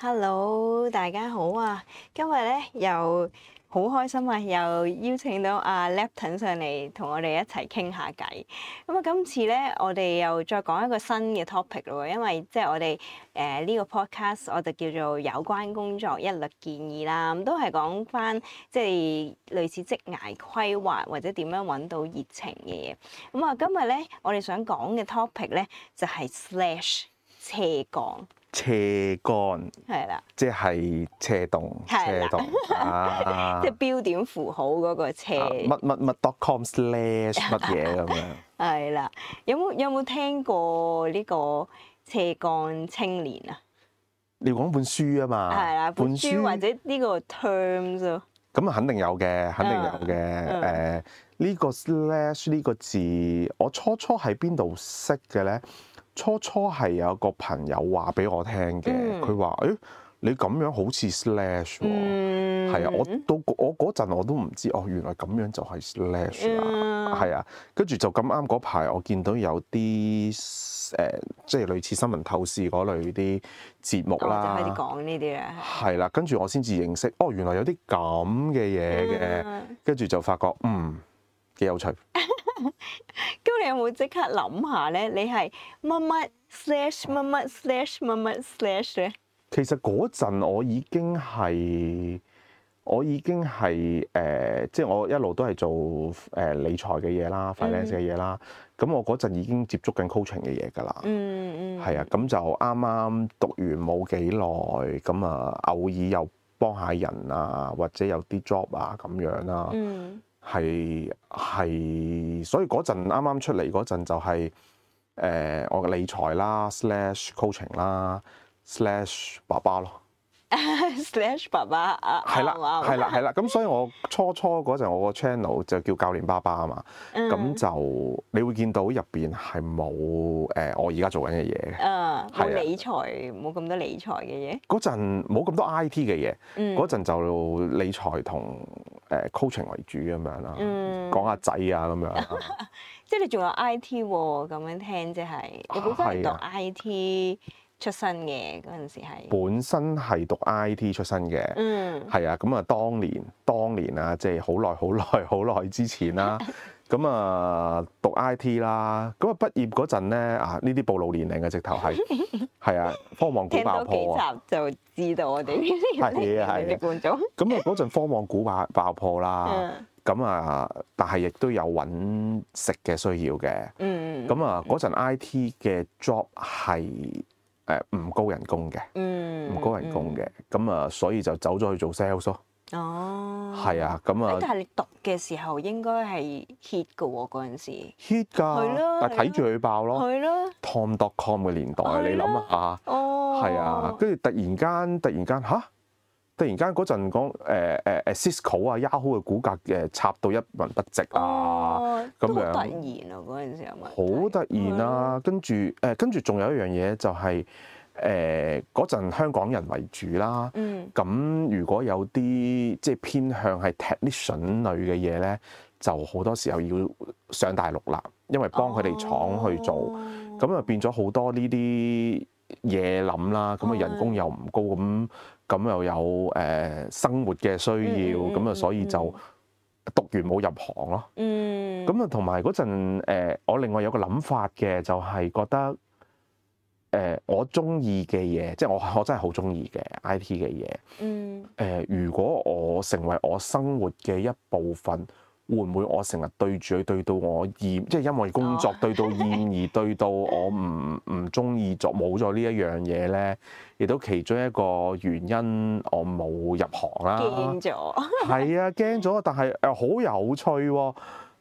Hello，大家好啊！今日咧又好開心啊，又邀請到阿、啊、Lapton 上嚟同我哋一齊傾下偈。咁、嗯、啊，今次咧我哋又再講一個新嘅 topic 咯，因為即係我哋誒呢個 podcast 我就叫做有關工作一律建議啦，咁都係講返即係類似職涯規劃或者點樣揾到熱情嘅嘢。咁、嗯、啊，今日咧我哋想講嘅 topic 咧就係、是、slash 斜槓。斜槓係啦，的即係斜動，斜動的、啊、即係標點符號嗰個斜乜乜乜 dotcom slash 乜嘢咁樣。係啦、啊，有冇有冇聽過呢個斜槓青年啊？你講本書啊嘛，係啦的，本書或者呢個 terms 咯。咁啊，肯定有嘅，肯定有嘅。誒、呃，呢、嗯、個 slash 呢個字，我初初喺邊度識嘅咧？初初係有個朋友話俾我聽嘅，佢話、嗯：誒、欸，你咁樣好似 slash 喎、哦，嗯、啊！我到我嗰陣我都唔知，哦，原來咁樣就係 slash 啦，係、嗯、啊！跟住就咁啱嗰排，我見到有啲誒，即、呃、係類似新聞透視嗰類啲節目啦，就開始講呢啲啦，係啦、啊。跟住我先至認識，哦，原來有啲咁嘅嘢嘅，跟住、嗯嗯、就發覺，嗯。幾有趣，咁 你有冇即刻諗下咧？你係乜乜 slash 乜乜 slash 乜乜 slash 咧？其實嗰陣我已經係，我已經係誒、呃，即係我一路都係做誒理財嘅嘢啦 finance 嘅嘢啦。咁、嗯、我嗰陣已經接觸緊 coaching 嘅嘢㗎啦。嗯嗯嗯，係啊。咁就啱啱讀完冇幾耐，咁啊，偶爾又幫下人啊，或者有啲 job 啊咁樣啦、啊嗯。嗯。係係，是是，所以嗰陣啱啱出嚟嗰陣就係，誒我嘅理財啦，slash coaching 啦，slash 爸爸咯。Slash 爸爸啊，係啦，係啦，係啦，咁所以我初初嗰陣我個 channel 就叫教練爸爸啊嘛，咁就你會見到入邊係冇誒我而家做緊嘅嘢嘅，冇理財，冇咁多理財嘅嘢。嗰陣冇咁多 IT 嘅嘢，嗰陣就理財同誒 coaching 為主咁樣啦，講下仔啊咁樣。即係你仲有 IT 喎？咁樣聽即係，你本身係讀 IT，出身嘅嗰陣時係本身係讀 I T 出身嘅，嗯，係啊，咁啊，當年當年啊，即係好耐好耐好耐之前啦，咁啊讀 I T 啦，咁啊畢業嗰陣咧啊，呢啲暴露年齡嘅，直頭係係啊，科網股爆破啊，聽咗幾集就知道我哋呢啲年齡的羣組。咁啊嗰陣科網股爆爆破啦，咁啊但係亦都有揾食嘅需要嘅，嗯，咁啊嗰陣 I T 嘅 job 係。誒唔高人工嘅，唔高人工嘅，咁啊，所以就走咗去做 sales 咯。哦，係啊，咁啊，但係你讀嘅時候應該係 hit 㗎喎，嗰陣時 hit 㗎，係咯，但係睇住佢爆咯，係咯，Tom dot com 嘅年代，你諗下，係啊，跟住突然間，突然間吓。突然間嗰陣講誒誒 Cisco 啊，啊 Yahoo 嘅股價誒插到一文不值啊咁樣。哦，都突然啊嗰陣好突然啦。跟住誒跟住仲有一樣嘢就係誒嗰陣香港人為主啦，啊。咁，嗯，如果有啲即係偏向係 Technician 類嘅嘢咧，就好多時候要上大陸啦，因為幫佢哋廠去做，咁啊，哦，變咗好多呢啲嘢諗啦。咁啊人工又唔高咁。嗯嗯咁又有誒、呃、生活嘅需要，咁啊 所以就讀完冇入行咯。嗯，咁啊同埋嗰陣誒我另外有個諗法嘅，就係覺得誒、呃、我中意嘅嘢，即係我我真係好中意嘅 IT 嘅嘢。嗯，誒、 呃、如果我成為我生活嘅一部分。會唔會我成日對住佢對到我厭？即係因為工作對到厭而對到我唔唔中意做，冇咗呢一樣嘢咧，亦都其中一個原因我冇入行啦。驚咗，係啊，驚咗見了、 啊，但係誒好有趣喎，誒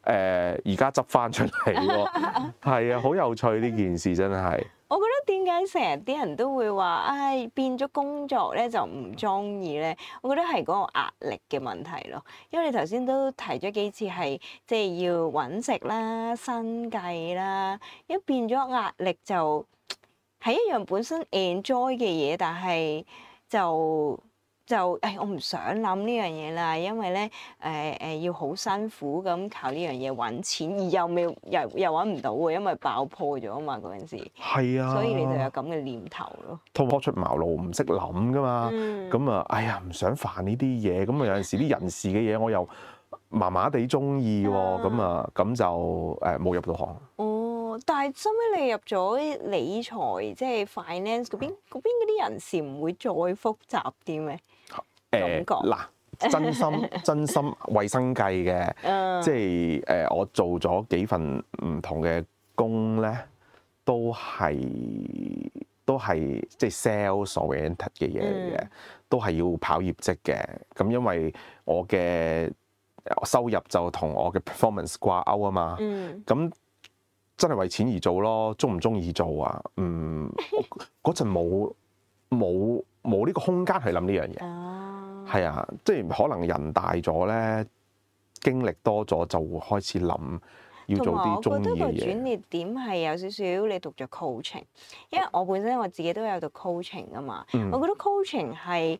而家執翻出嚟喎，係啊，好、呃啊啊、有趣呢件事真係。我覺得點解成日啲人都會話，唉變咗工作咧就唔中意咧？我覺得係嗰個壓力嘅問題咯。因為你頭先都提咗幾次係，即係要搵食啦、生計啦，一變咗壓力就係一樣本身 enjoy 嘅嘢，但係就。就誒，我唔想諗呢樣嘢啦，因為咧誒誒要好辛苦咁靠呢樣嘢揾錢，而又未又又揾唔到喎，因為爆破咗啊嘛嗰陣時，係啊，所以你就有咁嘅念頭咯。突破出茅廬唔識諗噶嘛，咁啊、嗯、哎呀唔想煩呢啲嘢，咁啊有陣時啲人事嘅嘢我又麻麻地鍾意喎，咁啊咁就誒冇、哎、入到行。哦，但係收尾你入咗啲理財，即、就、係、是、finance 嗰邊嗰邊嗰啲人事唔會再複雜啲咩？誒嗱、呃，真心真心為生計嘅、 呃，即係誒我做咗幾份唔同嘅工咧，嗯、都係都係即係 sell 所謂嘅嘢嚟嘅，都係要跑業績嘅。咁因為我嘅收入就同我嘅 performance 掛鈎啊嘛。咁、嗯、真係為錢而做咯，鍾唔鍾意做啊？嗯，嗰陣冇冇冇呢個空間去諗呢樣嘢。係啊，即係可能人大咗咧，經歷多咗就會開始諗要做啲中意嘅嘢。同埋我覺得個轉捩點係有少少，你讀咗 coaching，因為我本身我自己都有讀 coaching 啊嘛。嗯、我覺得 coaching 係。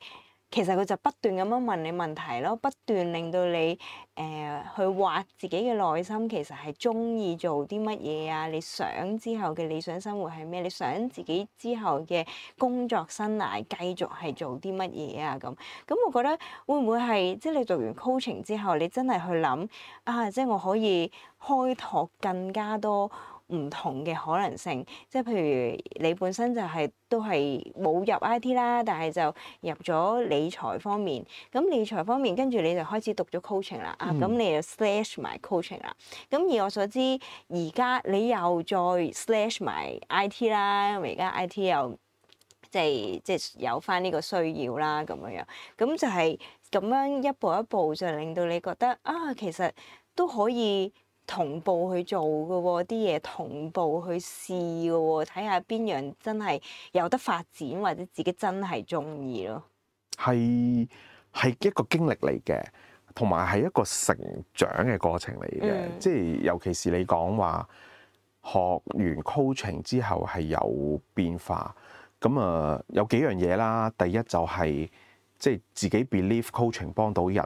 其實佢就不斷咁樣問你問題咯，不斷令到你誒、呃、去挖自己嘅內心，其實係鍾意做啲乜嘢啊？你想之後嘅理想生活係咩？你想自己之後嘅工作生涯繼續係做啲乜嘢啊？咁咁，我覺得會唔會係即係你做完 coaching 之後，你真係去諗啊？即係我可以開拓更加多。唔同嘅可能性，即係譬如你本身就係、是、都係冇入 I T 啦，但係就入咗理財方面。咁理財方面，跟住你就開始讀咗 co、嗯啊、coaching 啦。啊，咁你就 slash 埋 coaching 啦。咁以我所知，而家你又再 slash 埋 I T 啦，因為而家 I T 又即係即係有返呢個需要啦，咁樣樣。咁就係咁樣一步一步，就令到你覺得啊，其實都可以。同步去做嘅喎、哦，啲嘢同步去試嘅喎、哦，睇下邊樣真係有得發展，或者自己真係中意咯。係，係一個經歷嚟嘅，同埋係一個成長嘅過程嚟嘅。即係、嗯、尤其是你講話學完 coaching 之後係有變化，咁啊有幾樣嘢啦。第一就係、是。即係自己 believe coaching 幫到人，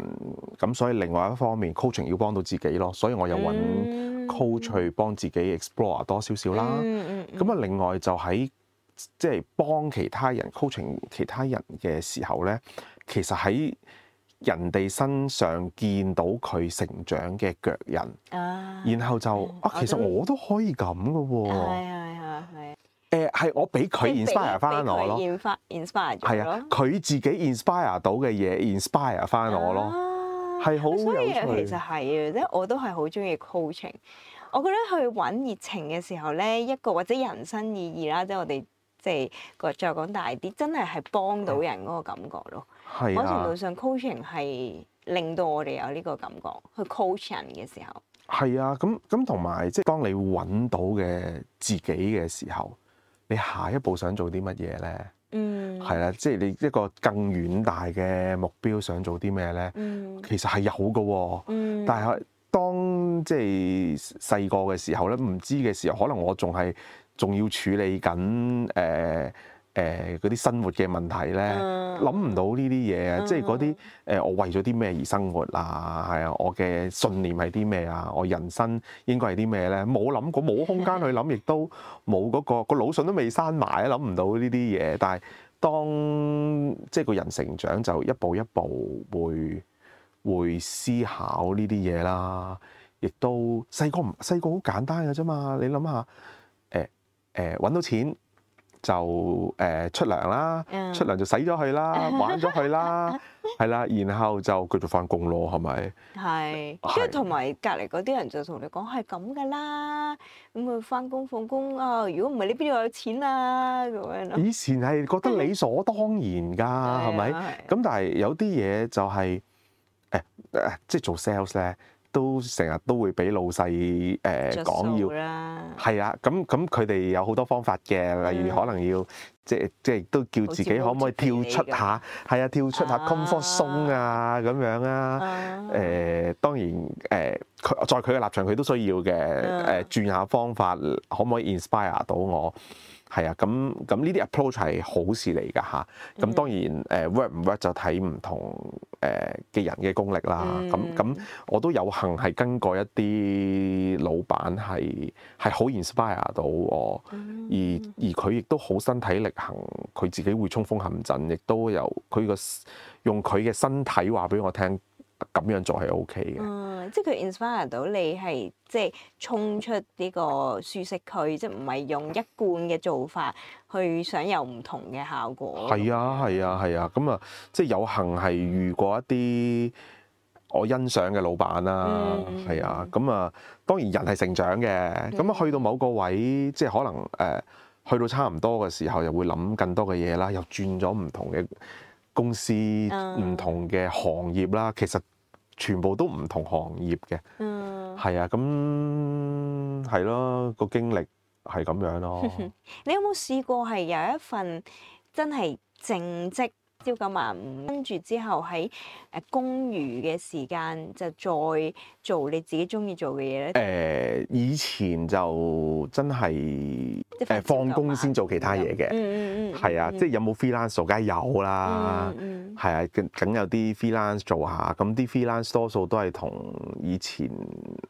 咁所以另外一方面，coaching 要幫到自己咯，所以我有揾 coach 去幫自己 explore 多少少啦。咁啊，另外就喺即係幫其他人 coaching 其他人嘅時候咧，其實喺人哋身上見到佢成長嘅腳印，啊、然後就、嗯、啊，都其實我都可以咁噶喎。哎係我俾佢 inspire 翻我咯，inspire，inspire 係啊，佢自己 inspire 到嘅嘢 inspire 翻我咯，係好、啊、有。所以其實係啊，即係我都係好中意 coaching。我覺得去揾熱情嘅時候咧，一個或者人生意義啦，即係我哋即係個再講大啲，真係係幫到人嗰個感覺咯。係某程度上 coaching 係令到我哋有呢個感覺去 coaching 人嘅時候係啊。咁咁同埋即係當你揾到嘅自己嘅時候。你下一步想做啲乜嘢咧？嗯，係啦，即係你一個更遠大嘅目標，想做啲咩咧？嗯，其實係有㗎喎、哦。嗯，但係當即係細個嘅時候咧，唔知嘅時候，可能我仲係仲要處理緊誒。呃誒嗰啲生活嘅問題咧，諗唔到呢啲嘢啊！即係嗰啲誒，我為咗啲咩而生活啊？係啊，我嘅信念係啲咩啊？我人生應該係啲咩咧？冇諗過，冇空間去諗，亦都冇嗰、嗰個、嗰個腦筍都未生埋啊，諗唔到呢啲嘢。但係當即係個人成長，就一步一步會會思考呢啲嘢啦。亦都細個唔細個好簡單嘅啫嘛。你諗下誒誒揾到錢。就誒出糧啦，Yeah. 出糧就使咗佢啦，玩咗佢啦，係啦， 然後就繼續翻工咯，係咪？係是，的即係同埋隔離嗰啲人就同你講係咁噶啦，咁啊翻工放工啊，如果唔係你邊度有錢啊咁樣，以前係覺得理所當然㗎，係咪的？咁但係有啲嘢就係誒誒，即係做 sales 咧。都成日都會俾老細誒，講要係啊。咁咁佢哋有好多方法嘅，例如可能要即即都叫自己可唔可以跳出下，係啊，跳出下 comfort zone 啊咁樣啊，誒、呃、當然誒佢、呃、在佢嘅立場，佢都需要嘅誒、嗯、轉下方法，可唔可以 inspire 到我？係啊，咁咁呢啲 approach 係好事嚟㗎嚇。咁、啊、當然誒 work 唔 work 就睇唔同誒嘅人嘅功力啦。咁咁、mm. 我都有幸係跟過一啲老闆係係好 inspire 到我，啊，而而佢亦都好身體力行，佢自己會衝鋒陷陣，亦都由佢個用佢嘅身體話俾我聽。咁樣做係 OK 嘅，嗯，即係佢 inspire 到你係即係衝出呢個舒適區，即係唔係用一貫嘅做法去想有唔同嘅效果。係啊，係啊，係啊，咁啊，即係有幸係遇過一啲我欣賞嘅老闆啦，嗯、係啊，咁啊，當然人係成長嘅，咁啊去到某個位，即係可能誒、呃、去到差唔多嘅時候，又會諗更多嘅嘢啦，又轉咗唔同嘅公司、嗯、唔同嘅行業啦，其實。全部都唔同行業嘅，嗯，係啊，咁係咯，個、啊、經歷、啊，係咁樣咯。你有冇試過係有一份真係正職，朝九晚五，跟住之後喺誒工餘嘅時間就再做你自己中意做嘅嘢咧。誒以前就真係誒放工先做其他嘢嘅。嗯，嗯啊，嗯嗯即係有冇 freelancer？梗係有啦，係、嗯嗯、啊，梗有啲 freelance 做下，咁啲 freelance 多數都係同以前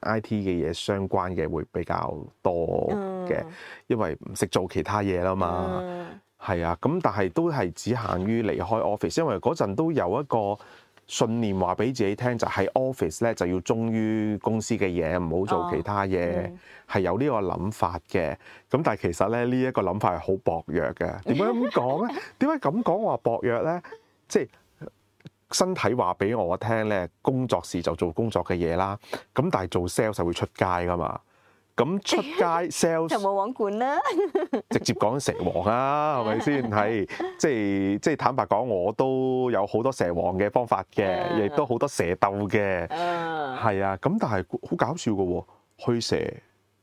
IT 嘅嘢相關嘅會比較多嘅，嗯、因為唔識做其他嘢啦嘛。嗯嗯係啊，咁但係都係只限於離開 office，因為嗰陣都有一個信念話俾自己聽，就喺 office 咧就要忠於公司嘅嘢，唔好做其他嘢，係、哦嗯、有呢個諗法嘅。咁但係其實咧呢一、這個諗法係好薄弱嘅。點解咁講咧？點解咁講話薄弱咧？即、就、係、是、身體話俾我聽咧，工作時就做工作嘅嘢啦。咁但係做 sales 就會出街㗎嘛。咁出街 sales 就冇網管啦，直接講蛇王啊，係咪先？係即係即係坦白講，我都有好多蛇王嘅方法嘅，亦都好多蛇斗嘅，係啊。 咁但係好搞笑嘅喎，虛蛇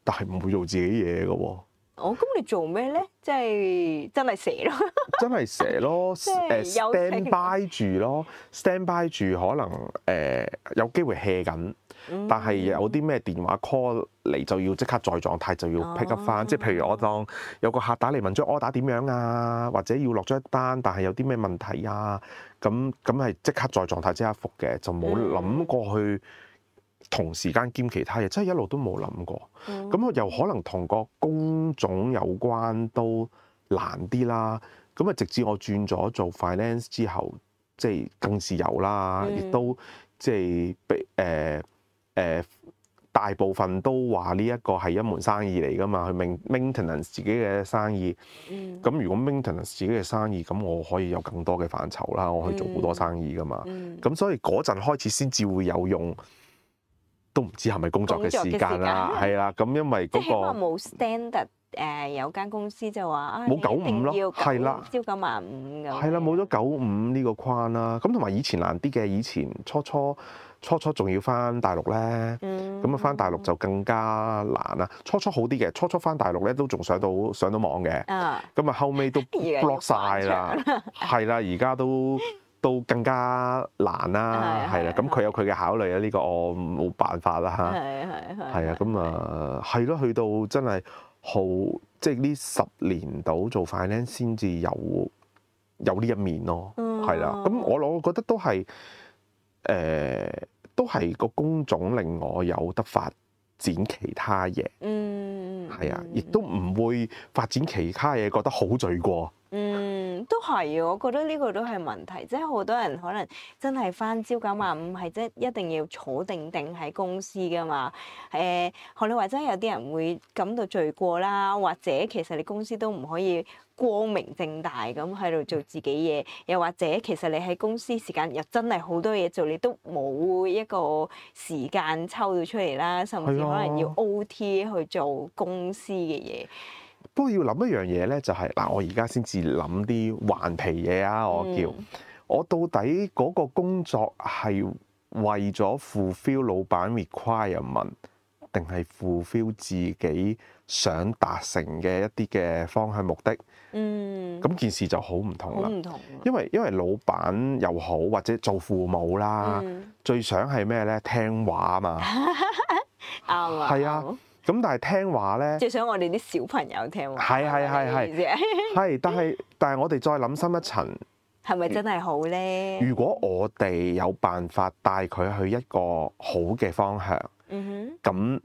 但係唔會做自己嘢嘅喎。我咁你做咩咧？即係真係蛇， 蛇咯， 真係蛇咯，stand by 住咯，stand by 住可能誒、呃、有機會 hea 緊，但係有啲咩電話 call 嚟就要即刻在狀態就要 pick up 返、啊。即係譬如我當有個客打嚟問咗 order 點樣啊，或者要落咗一單，但係有啲咩問題啊，咁咁係即刻在狀態即刻覆嘅，就冇諗過去。同時間兼其他嘢，真係一路都冇諗過。咁、嗯、我又可能同個工種有關都難啲啦。咁啊，直至我轉咗做 finance 之後，即係更自由啦，亦、嗯、都即係俾誒誒大部分都話呢一個係一門生意嚟噶嘛。去 maintain 自己嘅生意。咁、嗯、如果 maintain 自己嘅生意，咁我可以有更多嘅範疇啦。我可以做好多生意噶嘛。咁、嗯嗯、所以嗰陣開始先至會有用。都唔知係咪工作嘅時間啦，係啦，咁因為嗰個冇 standard 誒，有間公司就話冇九五咯，係啦，朝九晚五咁。係啦，冇咗九五呢個框啦。咁同埋以前難啲嘅，以前初初初初仲要返大陸咧，咁啊返大陸就更加難啦。初初好啲嘅，初初返大陸咧都仲上到上到網嘅，咁啊後尾都 block 曬啦，係啦，而家 都。都更加難啦，係啦，咁佢有佢嘅考慮啊，呢對、啊啊這個我冇辦法啦嚇，係啊係啊係啊，咁啊係咯、啊啊，去到真係好，即係呢十年度做 finance 先至有有呢一面咯，係啦、啊，咁我我覺得都係誒、欸、都係個工種令我有得發展其他嘢，嗯，係啊，亦都唔會發展其他嘢覺得好罪過。嗯，都係啊！我覺得呢個都係問題，即係好多人可能真係返朝九晚五，係即係一定要坐定定喺公司㗎嘛。誒、呃，學你話，真係有啲人會感到罪過啦，或者其實你公司都唔可以光明正大咁喺度做自己嘢，又或者其實你喺公司時間又真係好多嘢做，你都冇一個時間抽到出嚟啦，甚至可能要 OT 去做公司嘅嘢。不過要諗一樣嘢咧，就係、是、嗱，我而家先至諗啲頑皮嘢啊！我叫、嗯、我到底嗰個工作係為咗 fulfil 老闆 requirement，定係 fulfil 自己想達成嘅一啲嘅方向目的？嗯，咁件事就好唔同啦，唔同、啊，因為因為老闆又好，或者做父母啦，嗯、最想係咩咧？聽話啊嘛，係 啊。咁但係聽話咧，即係想我哋啲小朋友聽話。係係係係，係， 但係但係我哋再諗深一層，係咪 真係好咧？如果我哋有辦法帶佢去一個好嘅方向，咁、mm hmm.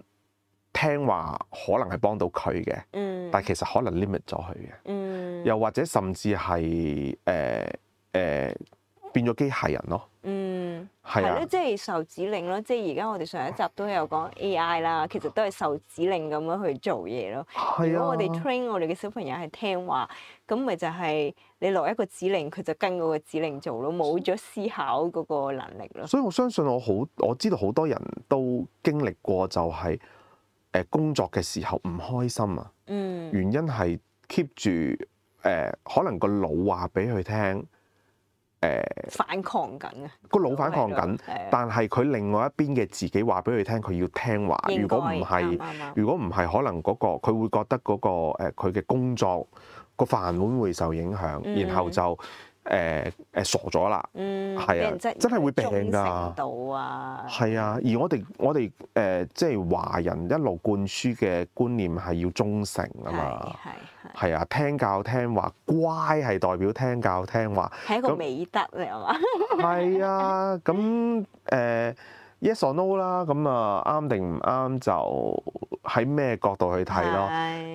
聽話可能係幫到佢嘅，mm hmm. 但係其實可能 limit 咗佢嘅，mm hmm. 又或者甚至係誒誒。呃呃變咗機械人咯，嗯，係啊，啊即係受指令咯，即係而家我哋上一集都有講 AI 啦，其實都係受指令咁樣去做嘢咯。係啊，如果我哋 train 我哋嘅小朋友係聽話，咁咪就係你落一個指令，佢就跟嗰個指令做咯，冇咗思考嗰個能力咯。所以我相信我好，我知道好多人都經歷過，就係誒工作嘅時候唔開心啊。嗯，原因係 keep 住誒、呃，可能個腦話俾佢聽。誒、嗯、反抗緊啊！個腦反抗緊，但係佢另外一邊嘅自己話俾佢聽，佢要聽話。應該、如果唔係，嗯、如果唔係，嗯嗯、可能嗰、嗰個佢會覺得嗰、嗰個佢嘅工作、個飯碗會受影響，嗯、然後就。誒誒傻咗啦，係啊，真係會病㗎。係啊，而我哋我哋誒即係華人一路灌輸嘅觀念係要忠誠啊嘛，係係啊，聽教聽話乖係代表聽教聽話，係一個美德嚟啊嘛。係啊，咁誒 yes or no 啦，咁啊啱定唔啱就喺咩角度去睇咯。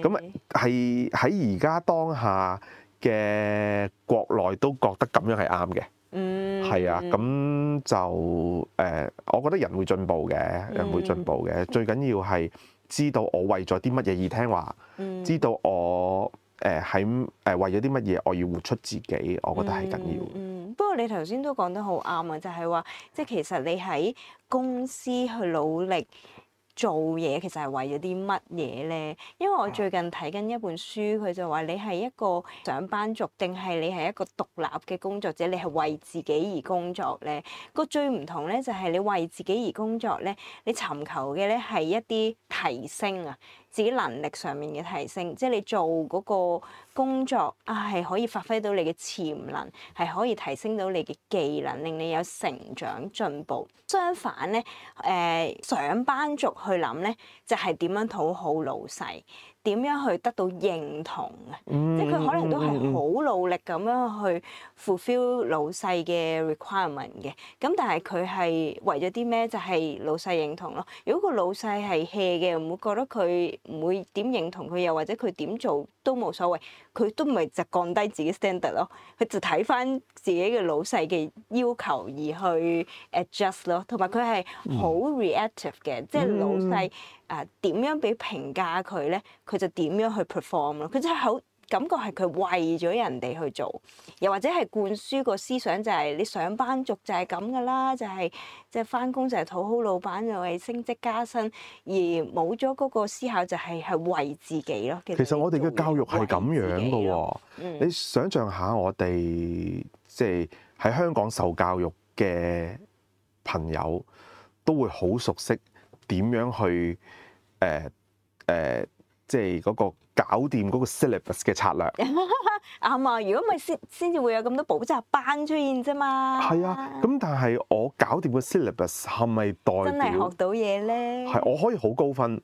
咁係喺而家當下。嘅國內都覺得咁樣係啱嘅，係、嗯、啊，咁就誒、呃，我覺得人會進步嘅，人會進步嘅，嗯、最緊要係知道我為咗啲乜嘢而聽話，嗯、知道我誒喺誒為咗啲乜嘢我要活出自己，我覺得係緊要，嗯。嗯，不過你頭先都講得好啱啊，就係話即係其實你喺公司去努力。做嘢其實係為咗啲乜嘢咧？因為我最近睇緊一本書，佢就話你係一個上班族定係你係一個獨立嘅工作者？你係為自己而工作咧？個最唔同咧就係你為自己而工作咧，你尋求嘅咧係一啲提升啊。自己能力上面嘅提升，即係你做嗰個工作啊，係可以發揮到你嘅潛能，係可以提升到你嘅技能，令你有成長進步。相反咧，誒、呃、上班族去諗咧，就係、是、點樣討好老細，點樣去得到認同，mm hmm. 即係佢可能都係好努力咁樣去 fulfill 老細嘅 requirement 嘅。咁但係佢係為咗啲咩？就係、是、老細認同咯。如果個老細係 hea 嘅，唔會覺得佢。唔會點認同佢，又或者佢點做都冇所謂，佢都唔係就降低自己 standard 咯，佢就睇翻自己嘅老細嘅要求而去 adjust 咯，同埋佢係好 reactive 嘅，即係老細誒點樣俾評價佢咧，佢就點樣去 perform 咯，佢真係好。感覺係佢為咗人哋去做，又或者係灌輸個思想就係你上班族就係咁噶啦，就係即係翻工就係討好老闆，又係升職加薪，而冇咗嗰個思考就係係為自己咯。其實，其實我哋嘅教育係咁樣噶喎，嗯、你想象下我哋即係喺香港受教育嘅朋友都會好熟悉點樣去誒誒，即係嗰個。搞掂嗰個 syllabus 嘅策略，啱啊！ 如果唔係，先先至會有咁多補習班出現啫嘛。係啊，咁但係我搞掂個 syllabus 係咪代表真係學到嘢咧？係，我可以好高分，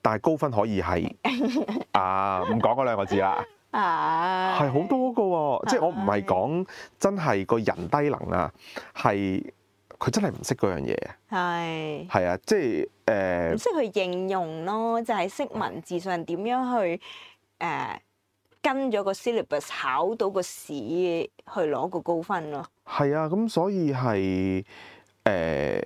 但係高分可以係 啊，唔講嗰兩個字 啊，係好多個，即係我唔係講真係個人低能啊，係。佢真係唔識嗰樣嘢啊！係係是啊，即係誒唔識去應用咯，就係、是、識文字上點樣去誒、呃、跟咗個 syllabus 考到個試去攞個高分咯。係啊，咁所以係誒、呃，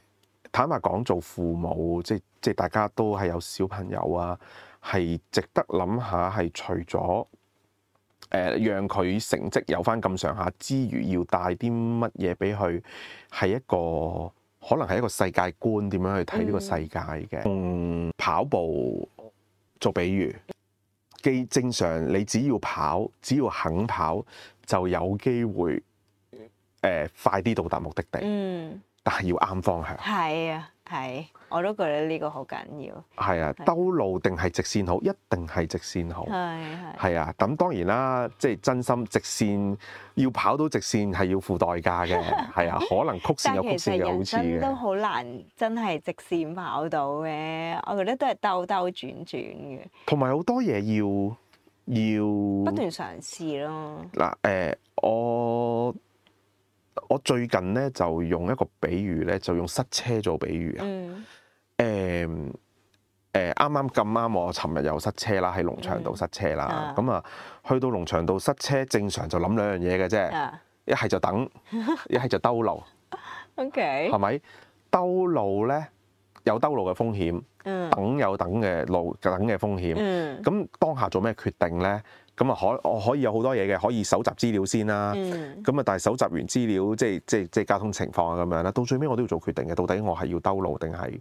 坦白講，做父母即即大家都係有小朋友啊，係值得諗下，係除咗。誒，讓佢成績有返咁上下之餘，要帶啲乜嘢俾佢？係一個可能係一個世界觀，點樣去睇呢個世界嘅？用跑步做比喻，既正常，你只要跑，只要肯跑，就有機會誒、呃、快啲到達目的地。嗯，但係要啱方向。係、嗯、啊。係，我都覺得呢個好緊要。係啊，啊兜路定係直線好？一定係直線好。係係是。係啊，咁當然啦，即係真心直線要跑到直線係要付代價嘅，係 啊，可能曲線有曲線嘅好處。其實人生都好難真係直線跑到嘅，我覺得都係兜兜轉轉嘅。同埋好多嘢要要不斷嘗試咯。嗱、呃，誒我。我最近咧就用一個比喻咧，就用塞車做比喻啊。嗯。誒啱啱咁啱，剛剛剛剛我尋日又塞車啦，喺龍翔道塞車啦。咁啊、嗯嗯，去到龍翔道塞車，正常就諗兩樣嘢嘅啫。嗯、一係就等，一係就兜路。O K。係咪？兜路咧有兜路嘅風險，嗯嗯、等有等嘅路等嘅風險。咁當下做咩決定咧？咁啊，可我可以有好多嘢嘅，可以搜集資料先啦。咁啊、嗯，但係搜集完資料，即係即係即係交通情況啊，咁樣啦。到最尾我都要做決定嘅，到底我係要兜路定係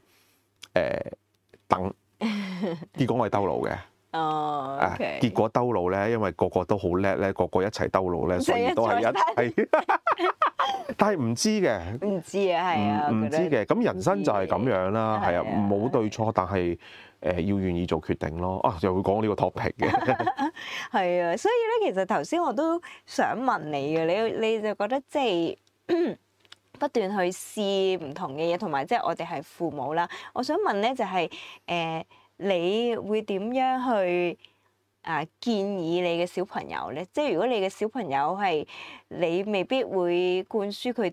誒等？結果我係兜路嘅。 哦，OK、啊。結果兜路咧，因為個個都好叻咧，個個一齊兜路咧，所以都係一齊。 但係唔知嘅，唔 知啊，係啊，唔知嘅。咁人生就係咁樣啦，係 啊，冇對錯，但係。誒、呃、要願意做決定咯，啊又會講呢個 topic 嘅，係啊，所以咧其實頭先我都想問你嘅，你你就覺得即係 不斷去試唔同嘅嘢，同埋即係我哋係父母啦。我想問咧就係、是、誒、呃，你會點樣去啊建議你嘅小朋友咧？即係如果你嘅小朋友係你未必會灌輸佢。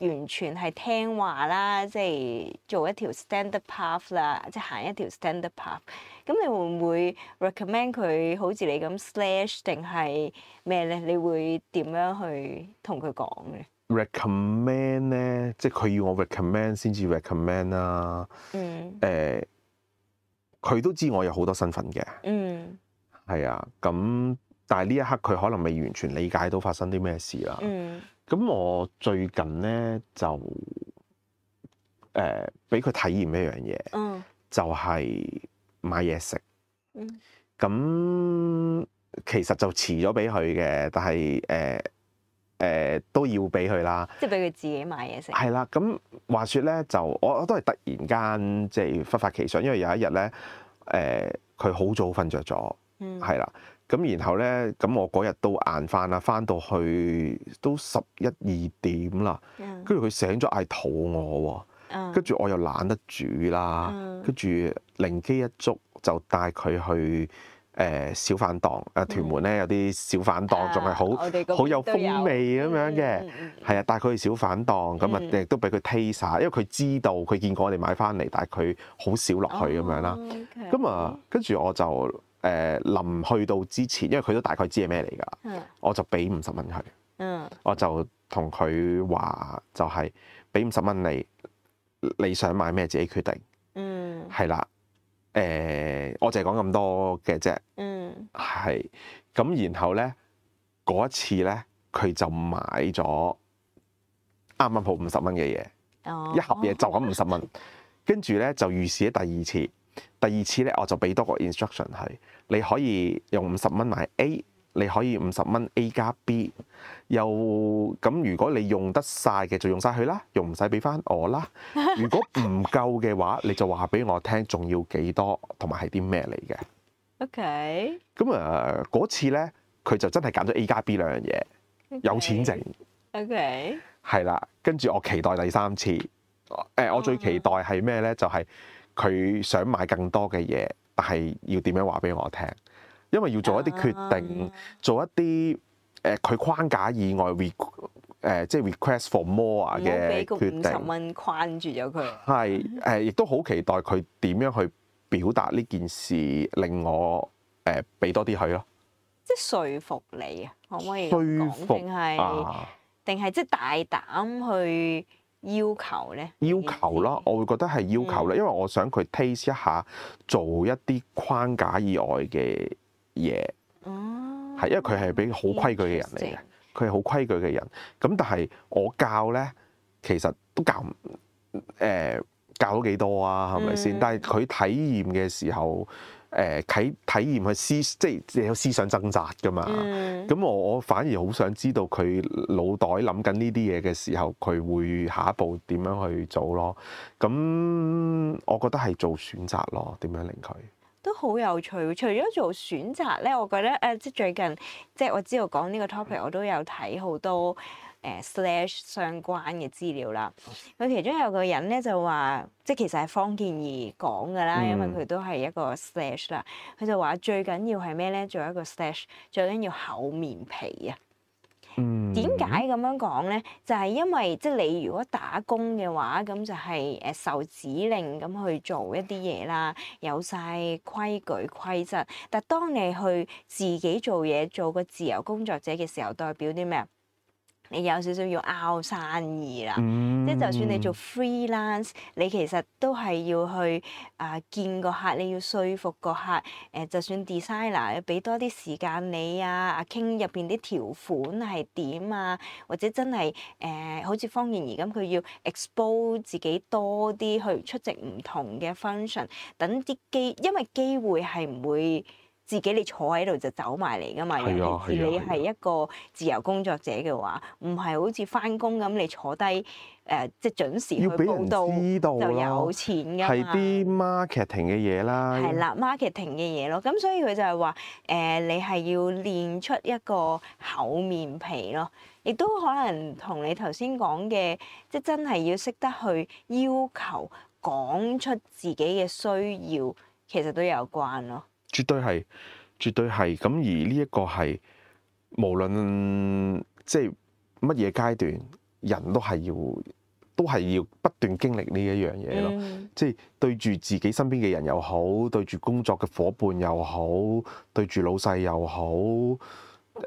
完全係聽話啦，即係做一條 standard path 啦，即係行一條 standard path。咁你會唔會 recommend 佢好似你咁 slash 定係咩咧？你會點樣去同佢講咧？Recommend 咧，Recommend，即係佢要我 recommend 先至 recommend 啦。嗯。誒、呃，佢都知我有好多身份嘅。嗯。係啊，咁但係呢一刻佢可能未完全理解到發生啲咩事啦。嗯。咁我最近咧就誒俾佢體驗一樣嘢，嗯、就係買嘢食。咁其實就遲咗俾佢嘅，但係誒誒都要俾佢啦。即係俾佢自己買嘢食。係啦，咁話說咧就我我都係突然間即係忽發奇想，因為有一日咧誒佢好早瞓着咗，嗯、係啦。咁然後咧，咁我嗰日都晏翻啦，翻到去都十一二點啦，跟住佢醒咗嗌肚餓喎，跟住我又懶得煮啦，跟住靈機一觸就帶佢去誒、呃、小販檔，誒屯門咧有啲小販檔仲係好好有風味咁、嗯、樣嘅，係啊帶佢去小販檔咁啊亦都俾佢 taste 下，因為佢知道佢見過我哋買翻嚟，但係佢好少落去咁樣啦。咁啊跟住我就。誒臨去到之前，因為佢都大概知係咩嚟㗎，嗯、我就俾五十蚊佢，嗯、我就同佢話就係俾五十蚊你，你想買咩自己決定，係啦、嗯，誒、呃、我就係講咁多嘅啫，係咁、嗯、然後咧嗰一次咧，佢就買咗啱啱好五十蚊嘅嘢，哦、一盒嘢就咁五十蚊，跟住咧就如是者第二次。第二次咧，我就俾多個 instruction 佢，你可以用五十蚊買 A，你可以五十蚊 A 加 B 又。又咁如果你用得晒嘅，就用晒佢啦，用唔使俾翻我啦。如果唔夠嘅話，你就話俾我聽，仲要幾多，同埋係啲咩嚟嘅。OK、呃。咁誒嗰次咧，佢就真係揀咗 A 加 B 兩樣嘢，Okay. 有錢剩。OK。係啦，跟住我期待第三次。誒、呃，我最期待係咩咧？就係、是。佢想買更多嘅嘢，但係要點樣話俾我聽？因為要做一啲決定，啊、做一啲誒佢框架以外 re 誒、呃、即係 request for more 嘅決定。唔好俾個五十蚊框住咗佢。係誒，亦、呃、都好期待佢點樣去表達呢件事，令我誒俾、呃、多啲佢咯。即係說服你啊？可唔可以？説服定係定係即係大膽去？要求咧？要求咯，我會覺得係要求咧，因為我想佢 taste 一下做一啲框架以外嘅嘢。嗯，係因為佢係俾好規矩嘅人嚟嘅，佢係好規矩嘅人。咁但係我教咧，其實都教唔、呃、教咗幾多啊？係咪先？嗯、但係佢體驗嘅時候。誒體、呃、體驗佢思即係有思想掙扎㗎嘛，咁我、嗯、我反而好想知道佢腦袋諗緊呢啲嘢嘅時候，佢會下一步點樣去做咯？咁我覺得係做選擇咯，點樣令佢都好有趣。除咗做選擇咧，我覺得誒即係最近即係我知道講呢個 topic，我都有睇好多。嗯誒 slash、嗯、相關嘅資料啦。佢其中有個人咧就話，即其實係方健儀講㗎啦，因為佢都係一個 slash 啦、嗯。佢就話最緊要係咩咧？做一個 slash 最緊要厚面皮啊！點解咁樣講咧？就係、是、因為即你如果打工嘅話，咁就係誒受指令咁去做一啲嘢啦，有晒規矩規則。但係當你去自己做嘢，做個自由工作者嘅時候，代表啲咩？你有少少要拗生意啦，嗯、即係就算你做 freelance，你其實都係要去啊、呃、見個客，你要說服個客。誒、呃，就算 designer 要俾多啲時間你啊，傾入邊啲條款係點啊，或者真係誒、呃、好似方健怡咁，佢要 expose 自己多啲去出席唔同嘅 function，等啲機，因為機會係唔會。自己你坐喺度就走埋嚟噶嘛，啊、尤其是你係一個自由工作者嘅話，唔係、啊啊啊、好似翻工咁你坐低誒、呃、即準時去報到，就有錢嘅嘛，係啲 marketing 嘅嘢啦，係啦 marketing 嘅嘢咯。咁所以佢就係話，誒、呃，你係要練出一個厚面皮咯，亦都可能同你頭先講嘅即真係要識得去要求講出自己嘅需要，其實都有關咯。絕對係，絕對係咁。而呢一個係無論即係乜嘢階段，人都係要，都係要不斷經歷呢一樣嘢咯。即係、嗯、對住自己身邊嘅人又好，對住工作嘅伙伴又好，對住老細又好，誒、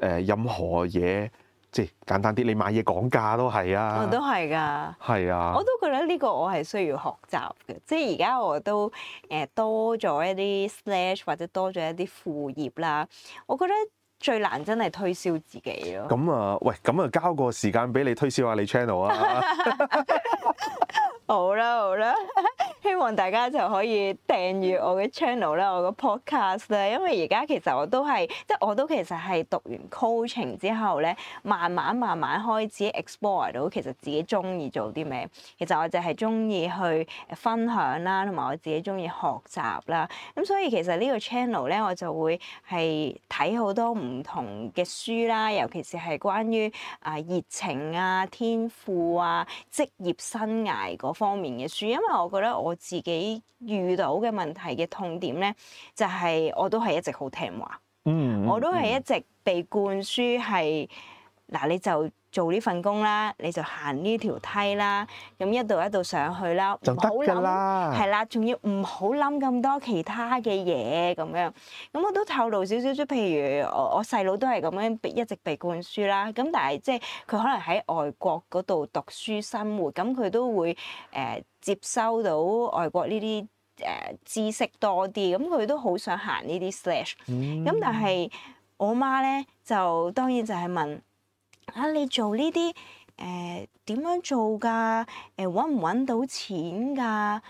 呃、任何嘢。即係簡單啲，你買嘢講價都係啊，我都係㗎，係啊，我都覺得呢個我係需要學習嘅。即係而家我都誒、呃、多咗一啲 slash 或者多咗一啲副業啦。我覺得最難真係推銷自己咯。咁啊，喂，咁啊交個時間俾你推銷下你 channel 啊。 好啦好啦，希望大家就可以訂閱我嘅 channel 啦，我嘅 podcast 啦，因為而家其實我都係即係我都其實係讀完 coaching 之後咧，慢慢慢慢開始 explore 到其實自己中意做啲咩。其實我就係中意去分享啦，同埋我自己中意學習啦。咁所以其實呢個 channel 咧，我就會係睇好多唔同嘅書啦，尤其是係關於啊熱情啊、天賦啊、職業生涯嗰方面嘅書，因為我覺得我自己遇到嘅問題嘅痛點咧，就係我都係一直好聽話，嗯，我都係一直被灌輸係。嗱，你就做呢份工啦，你就行呢條梯啦，咁一度一度上去啦，唔好諗，就得啦，係啦，仲要唔好諗咁多其他嘅嘢咁樣。咁我都透露少少，即譬如我我細佬都係咁樣，一直被灌輸啦。咁但係即係佢可能喺外國嗰度讀書生活，咁佢都會誒接收到外國呢啲誒知識多啲。咁佢都好想行呢啲 slash。咁、嗯、但係我媽咧就當然就係問。啊！你做呢啲誒點樣做㗎？誒揾唔揾到錢㗎？誒、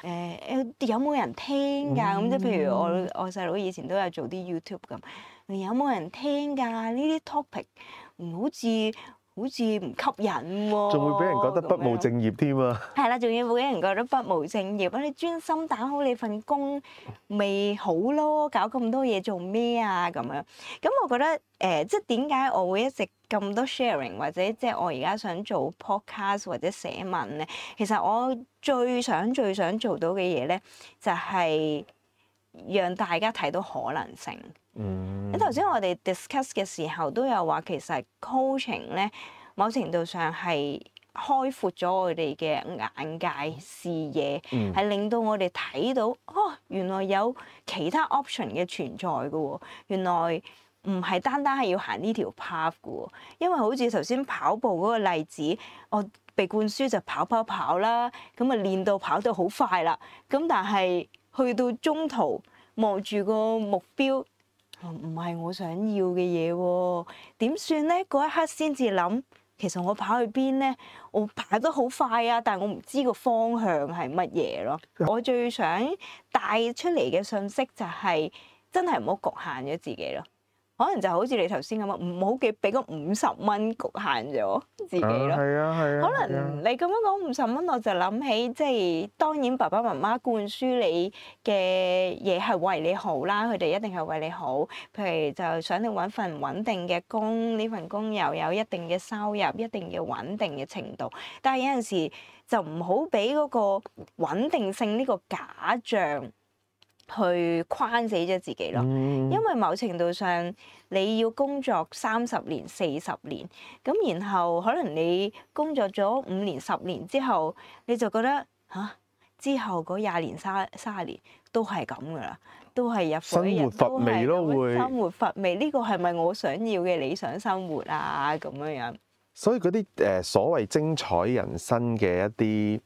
呃、有冇人聽㗎？咁即譬如我我細佬以前都有做啲 YouTube 咁，有冇人聽㗎？呢啲 topic 唔好似。好似唔吸引喎、啊，仲會俾人覺得不務正業添啊！係啦，仲要會俾人覺得不務正業、啊， 你專心打好你份工咪好咯，搞咁多嘢做咩啊？咁樣，咁我覺得誒、呃，即係點解我會一直咁多 sharing，或者即係我而家想做 podcast 或者寫文咧？其實我最想最想做到嘅嘢咧，就係、是。讓大家睇到可能性。嗯，咁頭先我哋 discuss 嘅時候都有話，其實 coaching 咧某程度上係開闊咗我哋嘅眼界視野，係、嗯、令到我哋睇到哦，原來有其他 option 嘅存在嘅喎、哦。原來唔係單單係要行呢條 path 嘅喎、哦。因為好似頭先跑步嗰個例子，我被灌輸就跑跑跑啦，咁啊練到跑到好快啦，咁但係，去到中途望住個目標，唔係我想要嘅嘢喎，點算呢？嗰一刻先至諗，其實我跑去邊呢？我跑得好快啊，但係我唔知個方向係乜嘢咯。嗯、我最想帶出嚟嘅信息就係、是、真係唔好局限咗自己咯。可能就好似你頭先咁啊，唔好嘅俾個五十蚊局限咗自己咯。係啊係啊。啊啊，可能你咁樣講五十蚊，我就諗起即係當然爸爸媽媽灌輸你嘅嘢係為你好啦，佢哋一定係為你好。譬如就想你揾份穩定嘅工，呢份工又有一定嘅收入，一定要穩定嘅程度。但係有陣時就唔好俾嗰個穩定性呢個假象去框死咗自己咯，因為某程度上你要工作三十年、四十年，咁然後可能你工作咗五年、十年之後，你就覺得嚇、啊、之後嗰廿年、三十年都係咁噶啦，都係入貨生活乏味咯，會生活乏味呢個係咪我想要嘅理想生活啊咁樣樣？所以嗰啲誒所謂精彩人生嘅一啲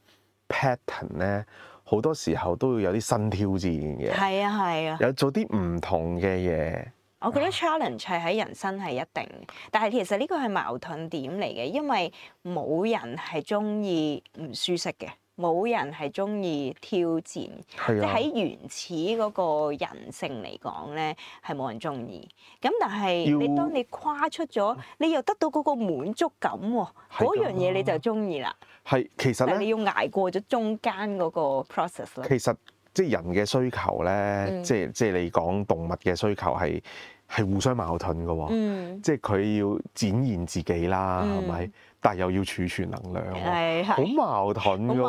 pattern 咧。好多時候都要有啲新挑戰嘅，係啊係啊，啊有做啲唔同嘅嘢。我覺得 challenge 係喺人生係一定，啊、但係其實呢個係矛盾點嚟嘅，因為冇人係中意唔舒適嘅，冇人係中意挑戰。係啊，即喺原始嗰個人性嚟講咧，係冇人中意。咁但係你當你跨出咗，要你又得到嗰個滿足感喎、啊，嗰、啊、樣嘢你就中意啦。係，其實咧，你要捱過咗中間嗰個 process 啦。其實即係人嘅需求咧，即係即係你講動物嘅需求係係互相矛盾嘅喎。即係佢要展現自己啦，係咪？但係又要儲存能量，係好矛盾嘅喎，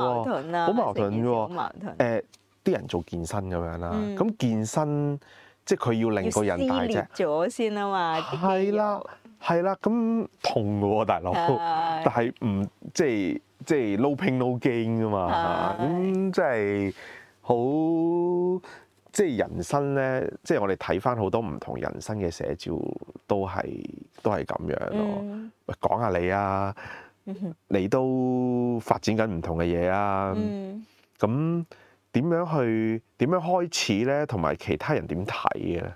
好矛盾嘅喎。誒，啲人做健身咁樣啦，咁健身即係佢要令個人大隻咗先吖嘛。係啦。係啦，咁痛嘅喎，大佬，的但係唔即係即係 no pain no gain 嘅嘛。咁的、嗯、即係好即係人生咧，即係我哋睇翻好多唔同人生嘅寫照，都係都係咁樣咯。講下、嗯、你啊，你都發展緊唔同嘅嘢啊。咁點、嗯、樣去點樣開始咧？同埋其他人點睇嘅咧？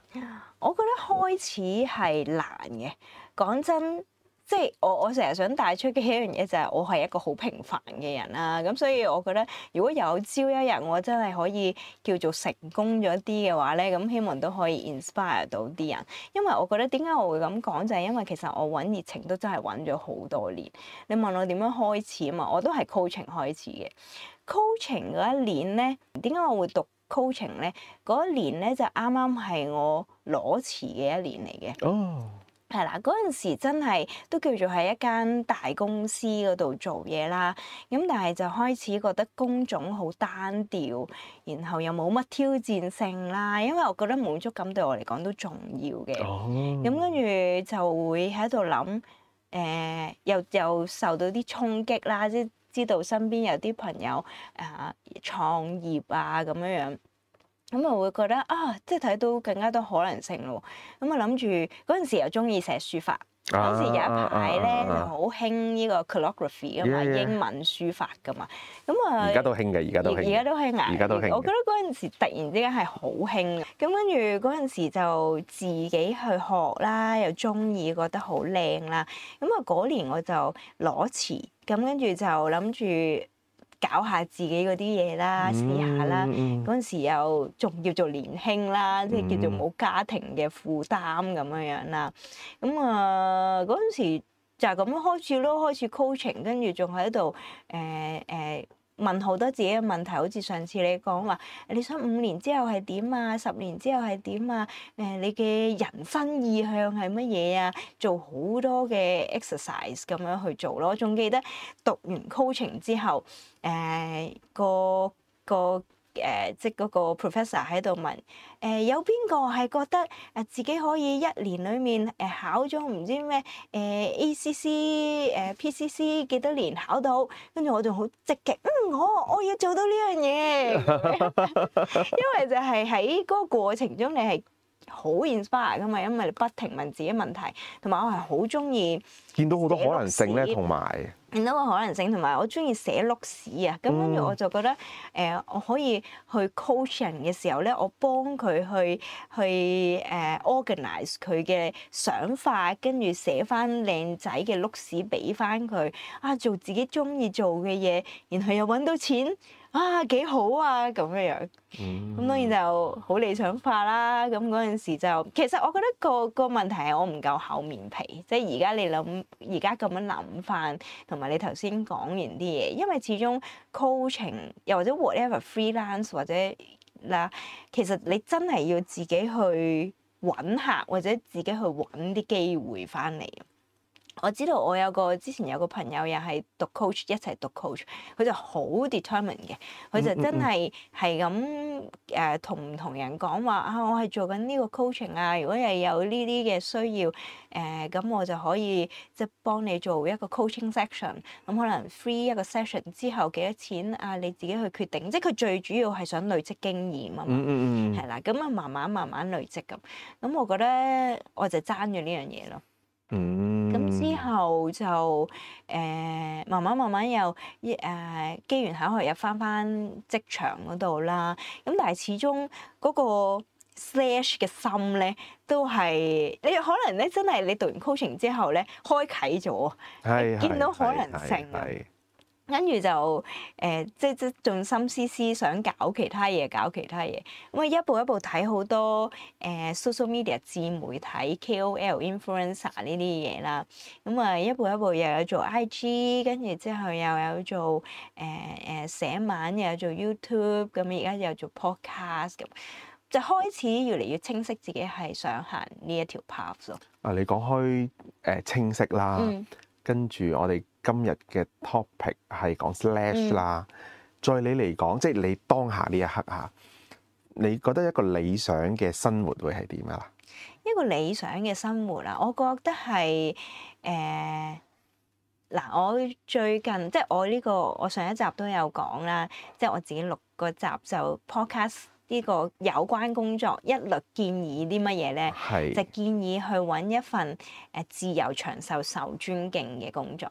我覺得開始係難嘅。講真，即係我我成日想帶出嘅一樣嘢就係我係一個好平凡嘅人啦。咁所以我覺得，如果有朝一日我真係可以叫做成功咗啲嘅話咧，咁希望都可以 inspire 到啲人。因為我覺得點解我會咁講就係、是、因為其實我揾熱情都真係揾咗好多年。你問我點樣開始啊嘛？我都係 coaching 開始嘅。coaching 嗰一年咧，點解我會讀 coaching 咧？嗰一年咧就啱啱係我裸辭嘅一年嚟嘅。哦。Oh. 係啦，嗰陣時真係都叫做喺一間大公司嗰度做嘢啦，咁但係就開始覺得工種好單調，然後又冇乜挑戰性啦。因為我覺得滿足感對我嚟講都重要嘅，咁跟住就會喺度諗，誒、呃、又又受到啲衝擊啦，即知道身邊有啲朋友啊、呃、創業啊咁樣。咁啊會覺得啊，即係睇到更加多可能性咯。咁啊諗住嗰陣時又中意寫書法。嗰陣、啊、有一排咧好興呢、啊啊、個 calligraphy 啊嘛，英文書法噶嘛。咁啊而家都興嘅，而家都興，而家都興。而家都興。我覺得嗰陣時突然之間係好興。咁跟住嗰陣時就自己去學啦，又中意覺得好靚啦。咁啊嗰年我就攞詞，咁跟住就諗住，搞下自己嗰啲嘢啦，試下啦。嗰陣、嗯、時又仲叫做年輕啦，即係叫做冇家庭嘅負擔咁樣、呃、樣啦。咁啊，嗰陣時就係咁開始咯，開始 coaching，跟住仲喺度誒誒。呃呃問好多自己嘅問題，好似上次你講話，你想五年之後係點啊？十年之後係點啊？誒、呃，你嘅人生意向係乜嘢啊？做好多嘅 exercise 咁樣去做咯。仲記得讀完 coaching 之後，誒個個。誒，即係嗰個 professor 喺度問，誒、呃、有邊個係覺得誒自己可以一年裡面誒考咗唔知咩誒 ACC 誒 PCC 幾多年考到，跟住我仲好積極，嗯，我我要做到呢樣嘢， 因為就係喺嗰個過程中你係。好 inspire 噶嘛，因為你不停問自己問題，同埋我係好中意見到好多可能性咧，同埋見到個可能性，同埋我中意寫碌屎啊！咁跟住我就覺得誒、呃，我可以去 coaching 嘅時候咧，我幫佢去去誒 organize 佢嘅想法，跟住寫翻靚仔嘅碌屎俾翻佢啊，做自己中意做嘅嘢，然後又揾到錢。啊幾好啊，咁樣樣，咁當然就好理想化啦。咁嗰陣時就，其實我覺得個個問題係我唔夠厚面皮，即係而家你諗而家咁樣諗翻，同埋你頭先講完啲嘢，因為始終 coaching 又或者 whatever freelance 或者啦，其實你真係要自己去揾客或者自己去揾啲機會翻嚟。我知道我有個之前有個朋友又係讀 coach 一齊讀 coach，佢就好 determined 嘅，佢就真係係咁誒同唔同人講話啊，我係做緊呢個 coaching 啊，如果係有呢啲嘅需要誒，咁、呃、我就可以即係幫你做一個 coaching session 咁、嗯、可能 free 一個 session 之後幾多錢啊，你自己去決定，即係佢最主要係想累積經驗啊嘛，係、嗯、啦，咁、嗯、啊、嗯嗯、慢慢慢慢累積咁，咁、嗯、我覺得我就爭咗呢樣嘢咯。嗯，咁之後就誒、呃、慢慢慢慢又誒、啊、機緣巧合又翻翻職場嗰度啦。咁但係始終嗰個 slash 嘅心咧，都係你可能咧真係你讀完 coaching 之後咧，開啓咗，是見到可能性。跟住就誒，即即仲心思思想搞其他嘢，搞其他嘢。咁啊，一步一步睇好多誒、呃、social media 自媒體 KOL influencer 呢、啊、啲嘢啦。咁、嗯、啊，一步一步又有做 IG，跟住之後又有做誒誒寫文，又有做 YouTube、嗯。咁而家又有做 podcast，咁就開始越嚟越清晰，自己係想行呢一條 path 咯。啊，你講開誒、呃、清晰啦，嗯、跟住我哋。今日嘅 topic 係講 slash 啦，在你嚟講，即係你當下呢一刻吓，你覺得一個理想嘅生活會係點啊？一個理想嘅生活啊，我覺得係誒嗱。我最近即係我呢個我上一集都有講啦，即係我自己錄個集就 podcast 呢個有關工作一律建議啲乜嘢咧，係就建議去揾一份誒自由長壽受尊敬嘅工作。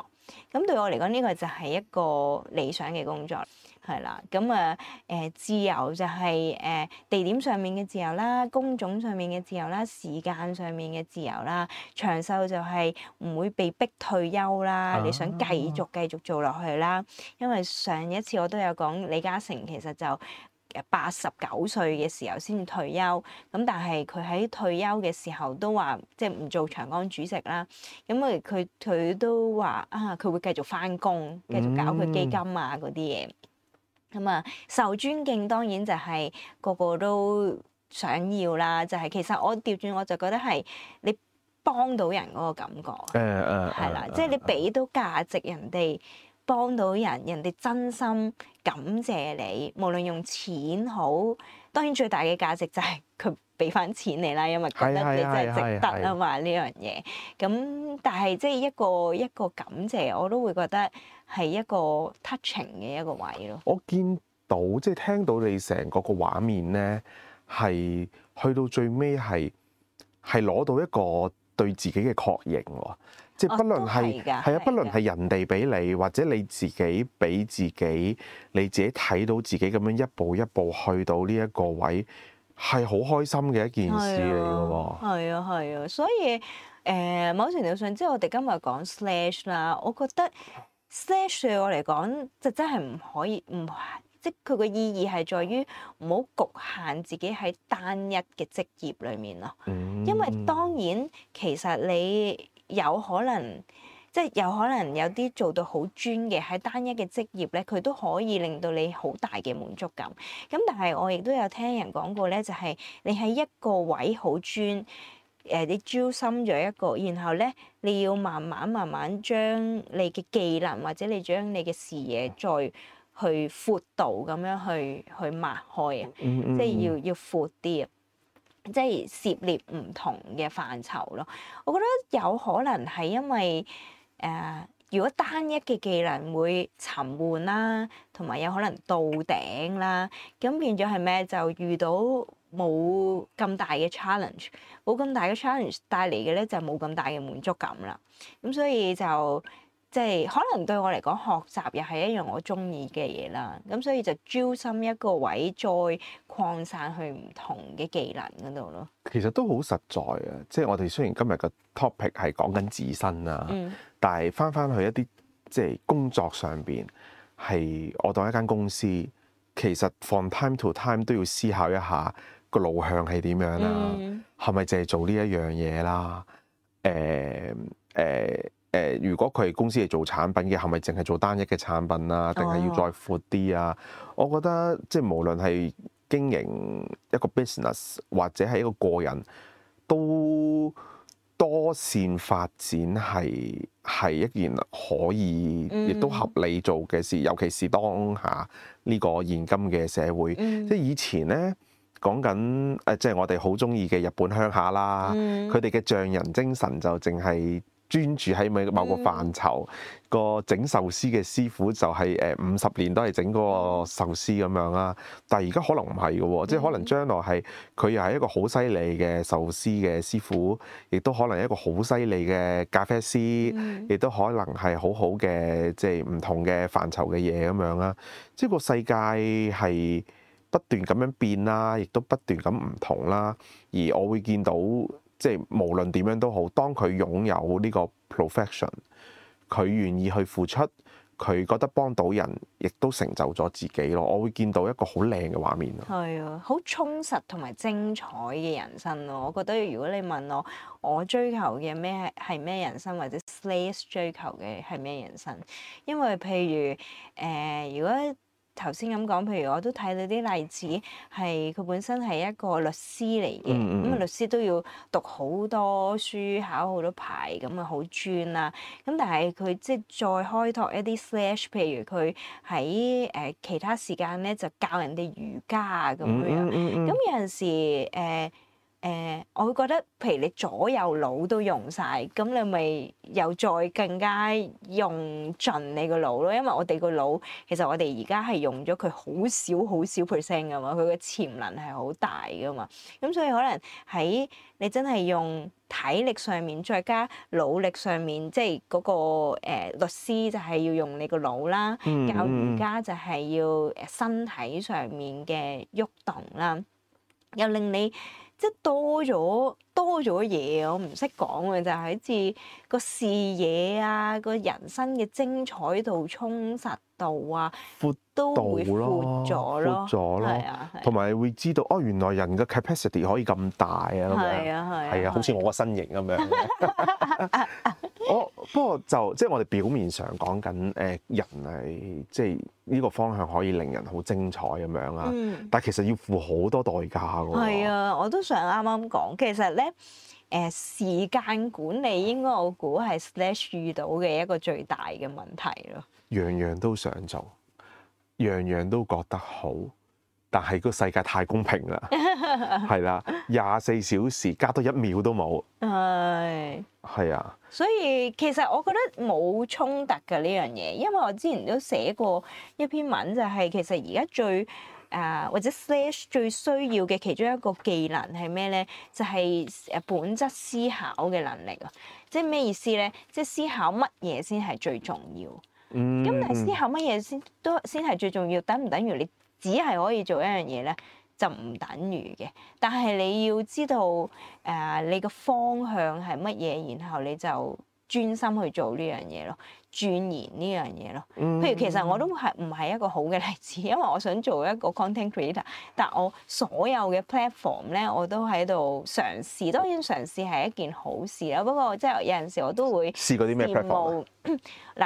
咁對我嚟講，呢、這個就係一個理想嘅工作，係啦。咁啊，誒、呃、自由就係、是、誒、呃、地點上面嘅自由啦，工種上面嘅自由啦，時間上面嘅自由啦，長壽就係唔會被逼退休啦，啊、你想繼續繼續做落去啦。因為上一次我都有講李嘉誠其實就八十九歲嘅時候先退休，咁但係佢喺退休嘅時候都話，即係唔做長江主席啦。咁啊，佢佢都話啊，佢會繼續翻工，繼續搞佢基金啊嗰啲嘢。咁啊、嗯嗯，受尊敬當然就係個個都想要啦。就係、是、其實我調轉，我就覺得係你幫到人嗰個感覺。係啦，即係你俾到價值人哋。幫到人，人哋真心感謝你。無論用錢好，當然最大嘅價值就係佢俾翻錢你啦，因為覺得你真係值得啊嘛，呢樣嘢。咁但係即係一個一個感謝，我都會覺得係一個 touching 嘅一個位咯。我見到即係、就是、聽到你成個個畫面咧，係去到最尾係係攞到一個對自己嘅確認喎。即係、哦，不論係係啊，不論係人哋俾你，的或者你自己俾自己，你自己睇到自己咁樣一步一步去到呢一個位，係好開心嘅一件事嚟嘅喎。係啊，係啊，所以誒、呃，某程度上，即係我哋今日講 slash 啦，我覺得 slash 對我嚟講就真係唔可以唔即係佢個意義係在於唔好局限自己喺單一嘅職業裡面咯，因為當然其實你。有可能，即係有可能有啲做到好專嘅喺單一嘅職業咧，佢都可以令到你好大嘅滿足感。咁但係我亦都有聽人講過咧，就係、是、你喺一個位好專，誒你專心咗一個，然後咧你要慢慢慢慢將你嘅技能或者你將你嘅視野再去闊度咁樣去去擘開啊，即係要要闊啲啊。即係涉獵唔同嘅範疇咯，我覺得有可能係因為誒、呃，如果單一嘅技能會沉悶啦，同埋有，有可能到頂啦，咁變咗係咩？就遇到冇咁大嘅 challenge，冇咁大嘅 challenge 帶嚟嘅咧，就冇咁大嘅滿足感啦。咁所以就。即係可能對我嚟講，學習又係一樣我中意嘅嘢啦。咁所以就焦心一個位，再擴散去唔同嘅技能嗰度咯。其實都好實在啊！即係我哋雖然今日嘅 topic 係講緊自身啦、啊，嗯、但係翻翻去一啲即係工作上邊，係我當一間公司，其實 from time to time 都要思考一下個路向係點樣啦、啊，係咪淨係做呢一樣嘢啦？誒、欸、誒。欸誒，如果佢係公司係做產品嘅，係咪淨係做單一嘅產品啊？定係要再闊啲啊？Oh. 我覺得即係無論係經營一個 business 或者係一個個人，都多線發展係係一件可以、mm. 亦都合理做嘅事，尤其是當下呢、這個現今嘅社會。Mm. 即係以前咧講緊誒，即係、就是、我哋好中意嘅日本鄉下啦，佢哋嘅匠人精神就淨係。專注喺某某個範疇、嗯、個整壽司嘅師傅就係誒五十年都係整嗰個壽司咁樣啦，但係而家可能唔係嘅喎，嗯、即係可能將來係佢又係一個好犀利嘅壽司嘅師傅，亦都可能係一個好犀利嘅咖啡師，亦、嗯、都可能係好好嘅即係唔同嘅範疇嘅嘢咁樣啦。即係個世界係不斷咁樣變啦，亦都不斷咁唔同啦，而我會見到。即係無論點樣都好，當佢擁有呢個 profession，佢願意去付出，佢覺得幫到人，亦都成就咗自己咯。我會見到一個好靚嘅畫面咯，係啊，好充實同埋精彩嘅人生咯。我覺得如果你問我，我追求嘅咩係咩人生，或者 slash 追求嘅係咩人生？因為譬如誒、呃，如果頭先咁講，譬如我都睇到啲例子，係佢本身係一個律師嚟嘅，咁啊、嗯嗯嗯、律師都要讀好多書，考好多牌，咁啊好專啊。咁但係佢即係再開拓一啲 slash 譬如佢喺誒其他時間咧就教人哋瑜伽啊咁樣，咁、嗯嗯嗯嗯嗯、有陣時誒。呃誒，我會覺得，譬如你左右腦都用晒，咁你咪又再更加用盡你個腦咯。因為我哋個腦其實我哋而家係用咗佢好少好少 percent 㗎嘛，佢個潛能係好大㗎嘛。咁所以可能喺你真係用體力上面，再加腦力上面，即係嗰個、呃、律師就係要用你個腦啦，教瑜伽就係要誒身體上面嘅喐動啦，又令你。即係多咗。スス多咗嘢，我唔識講嘅，就係喺次個視野啊，個人生嘅精彩度、充實度啊，闊都會闊咗咯，同埋、啊啊、你會知道哦，原來人嘅 capacity 可以咁大啊！係啊係啊，啊，好似我個身形咁樣， 我不過就即係我哋表面上講緊誒人係即係呢個方向可以令人好精彩咁樣啊，但係其實要付好多代價、啊，係啊，我都想啱啱講，其實。咧，誒時間管理應該我估係 Slash 遇到嘅一個最大嘅問題咯。樣樣都想做，樣樣都覺得好，但係個世界太公平啦，係啦、 啊，廿四小時加多一秒都冇。係。係啊。所以其實我覺得冇衝突嘅呢樣嘢，因為我之前都寫過一篇文，就係、係、其實而家最。啊，或者 Slash 最需要嘅其中一個技能係咩咧？就係、是、誒本質思考嘅能力啊！即係咩意思咧？即係思考乜嘢先係最重要？咁、嗯、但係思考乜嘢先都先係最重要？等唔等於你只係可以做一樣嘢咧？就唔等於嘅。但係你要知道誒、呃，你個方向係乜嘢，然後你就，專心去做呢樣嘢咯，鑽研呢樣嘢咯。譬如其實我都係唔係一個好嘅例子，因為我想做一個 content creator，但我所有嘅 platform 咧我都喺度嘗試。當然嘗試係一件好事啦，不過即係有陣時我都會試過啲咩 platform？嗱，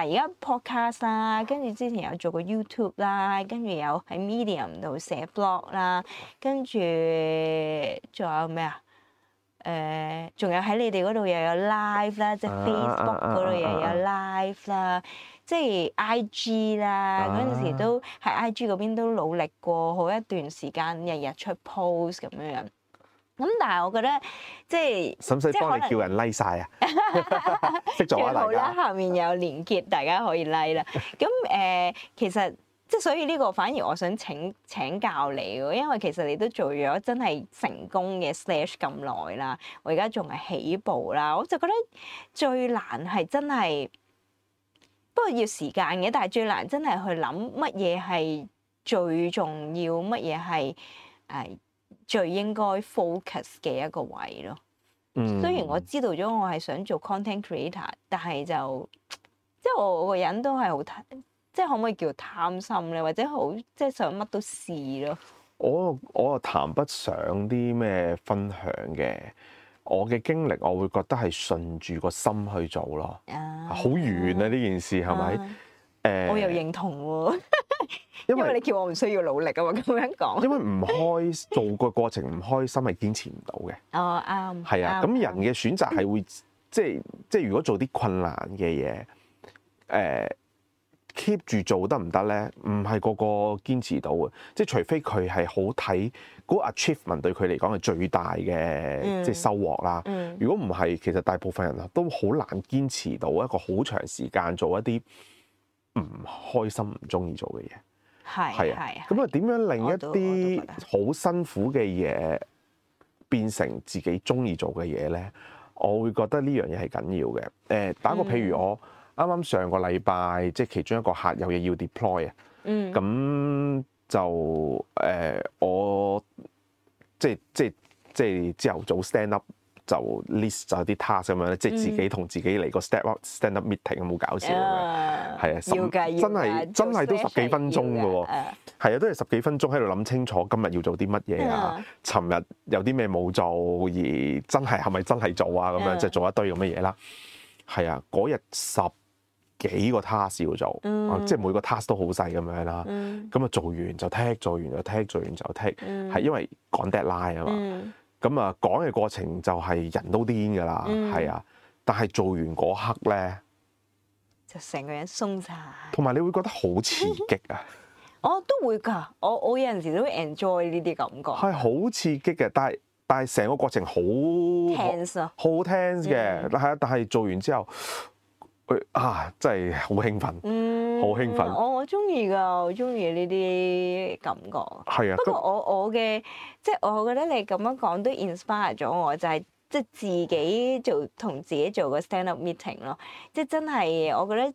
而家 podcast 啦，跟住之前有做過 YouTube 啦，跟住有喺 Medium 度寫 blog 啦，跟住仲有咩啊？誒，仲、呃、有喺你哋嗰度又有 live 啦，啊、即係 Facebook 嗰度又有 live 啦，啊、即係 IG 啦，嗰陣、啊、時都喺 IG 嗰邊都努力過好一段時間，日日出 post 咁樣樣。咁但係我覺得即係，使唔使幫你叫人 like 曬啊？識做啊大家。好啦，下面有連結，大家可以 like 啦。咁誒、呃，其實。即係所以呢個反而我想請請教你喎，因為其實你都做咗真係成功嘅 slash 咁耐啦，我而家仲係起步啦，我就覺得最難係真係不過要時間嘅，但係最難真係去諗乜嘢係最重要，乜嘢係誒最應該 focus 嘅一個位咯。嗯、雖然我知道咗我係想做 content creator，但係就即係我個人都係好睇。即係可唔可以叫貪心咧？或者好即係想乜都試咯。我我又談不上啲咩分享嘅。我嘅經歷，我會覺得係順住個心去做咯、啊。好遠啊！呢件 Shore 口 事係咪？誒，我又認同喎、啊。 因為你叫我唔需要努力啊嘛，咁樣講。因為唔開做個過程唔開心係堅持唔到嘅。哦，啱。係啊，咁人嘅選擇係會即係即係如果做啲困難嘅嘢，誒。持 iki administration keep 住做得唔得咧，唔係個個堅持到嘅，即係除非佢係好睇嗰 achievement 對佢嚟講係最大嘅，嗯、即係收穫啦。嗯、如果唔係，其實大部分人都好難堅持到一個好長時間做一啲唔開心、唔中意做嘅嘢。係係啊，咁啊點樣令一啲好辛苦嘅嘢變成自己中意做嘅嘢咧？我會覺得呢樣嘢係緊要嘅。誒、呃，打個譬如我。嗯啱啱上個禮拜，即係其中一個客有嘢要 deploy 啊，咁就誒我即係即係即係朝頭早 stand up 就 list 就有啲 task 咁樣咧，即係自己同自己嚟個 stand up stand up meeting，有冇搞笑咁樣，係啊，真係真係都十幾分鐘㗎喎，係啊，都係十幾分鐘喺度諗清楚今日要做啲乜嘢啊，尋日有啲咩冇做而真係係咪真係做啊咁樣，即係做一堆咁嘅嘢啦，係啊，嗰日十幾個 task 要做，即係每個 task 都好細咁樣啦。咁啊做完就 tick，做完就 tick，做完就 tick。係因為趕 deadline 啊嘛。咁啊講嘅過程就係人都癲㗎啦，係、嗯、啊。但係做完嗰刻咧，就成個人鬆晒，同埋你會覺得好刺激啊！ 我都會㗎。我我有陣時都會 enjoy 呢啲感覺。係好刺激嘅，但係但係成個過程好 tense 啊，好 tense 嘅。但係但係做完之後。啊，真係好興奮，好、嗯、興奮！我我中意㗎，我中意呢啲感覺。係啊的，不過我我嘅即係我覺得你咁樣講都 inspire 咗我，就係即係自己做同自己做個 stand up meeting 咯，即係真係我覺得。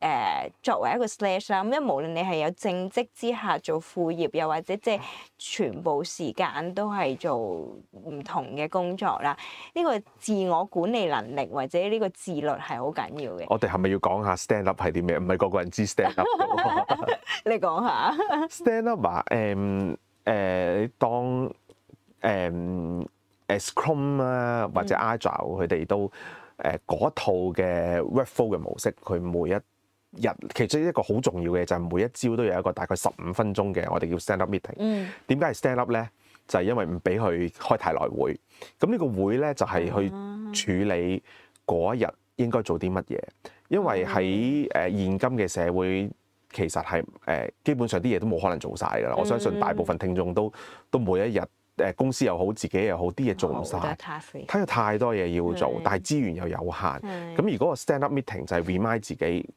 誒作為一個 slash 啦，咁因為無論你係有正職之下做副業，又或者即係全部時間都係做唔同嘅工作啦，呢、呢個自我管理能力或者呢個自律係好緊要嘅。我哋係咪要講下 stand up 係啲咩？唔係個個人知 stand up 你講下 stand up 啊、嗯？誒、嗯、誒，當誒 Scrum 啊，嗯、Chrome, 或者 Agile 佢哋都誒嗰、嗯、套嘅 workflow 嘅模式，佢每一日，其中一個好重要嘅就係每一朝都有一個大概十五分鐘嘅，我哋叫 stand up meeting、嗯。點解係 stand up 咧？就係、是、因為唔俾佢開太耐會。咁呢個會咧就係去處理嗰一日應該做啲乜嘢。因為喺誒、呃嗯、現今嘅社會，其實係誒、呃、基本上啲嘢都冇可能做晒㗎啦。我相信大部分聽眾都都每一日誒公司又好，自己又好啲嘢做唔晒。睇曬、哦，太多嘢要做，是但係資源又有限。咁是如果個 stand up meeting 就係 remind 自己。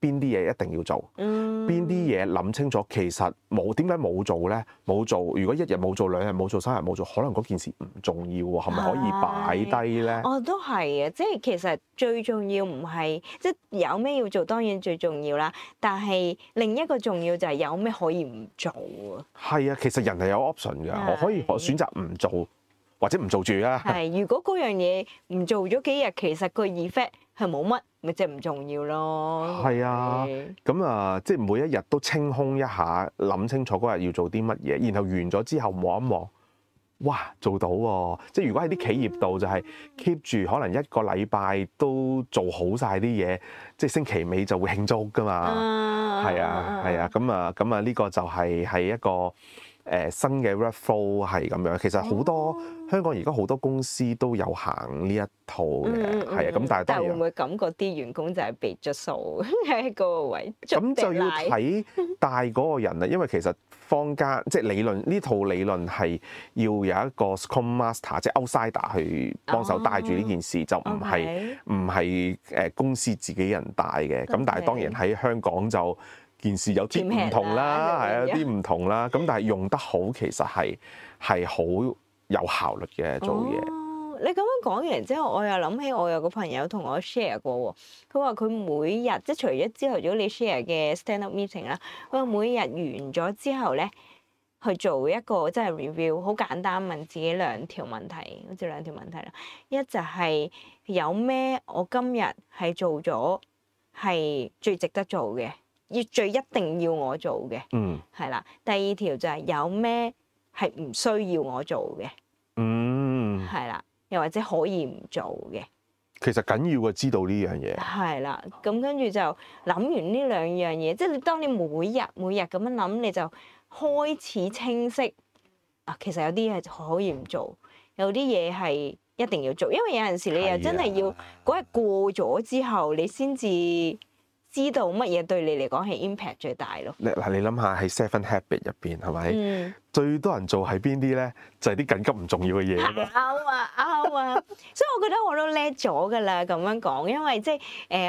邊啲嘢一定要做？邊啲嘢諗清楚？其實冇點解冇做咧？冇做。如果一日冇做，兩日冇做，三日冇做，可能嗰件事唔重要喎，係咪可以擺低咧？我都係啊。即係其實最重要唔係即係有咩要做，當然最重要啦。但係另一個重要就係有咩可以唔做啊。係啊，其實人係有 option 嘅。我可以選擇唔做或者唔做住啊。係，如果嗰樣嘢唔做咗幾日，其實個 effect。係冇乜，咪即係唔重要咯。係啊，咁啊是、嗯，即係每一日都清空一下，諗清楚嗰日要做啲乜嘢，然後完咗之後望一望，哇，做到喎、哦！即係如果喺啲企業度就係 keep 住，嗯、可能一個禮拜都做好晒啲嘢，即係星期尾就會慶祝㗎嘛。係啊，係啊，咁啊，咁啊，呢個就係喺一個。誒新嘅 workflow 係咁樣，其實好多、oh. 香港而家好多公司都有行呢一套嘅，係啊、mm，咁、hmm. 但係會唔會感覺啲員工就係被著數喺個位？咁就要睇帶嗰個人啦，因為其實坊間即係理論呢套理論係要有一個 scrum master 即係 outsider 去幫手帶住呢件事，oh. Okay. 就唔係唔係誒公司自己人帶嘅。咁 Okay. 但係當然喺香港就。件事有啲唔同啦，係啊，有啲唔同啦。咁 但係用得好，其實係係好有效率嘅做嘢。你咁樣講完之後，我又諗起我有個朋友同我 share 過，佢話佢每日即係除咗朝頭早你 share 嘅 stand up meeting 啦，佢話每日完咗之後咧，去做一個即係 review，好簡單問自己兩條問題，好似兩條問題啦。一就係有咩我今日係做咗係最值得做嘅，要最一定要我做嘅，嗯，係啦。第二條就係有咩係唔需要我做嘅，嗯，係啦。又或者可以唔做嘅，其實緊要嘅知道呢樣嘢。係啦，咁跟住就諗完呢兩樣嘢，即係你當你每日每日咁樣諗，你就開始清晰啊。其實有啲嘢可以唔做，有啲嘢係一定要做，因為有陣時你又真係要嗰日的過咗之後，你先至。知道乜嘢對你嚟講係 impact 最大咯。嗱，你諗下喺 Seven Habit 入邊係咪最多人做係邊啲咧？就係啲緊急唔重要嘅嘢咯。啱啊啱啊！所以我覺得我都叻咗噶啦，咁樣講，因為即係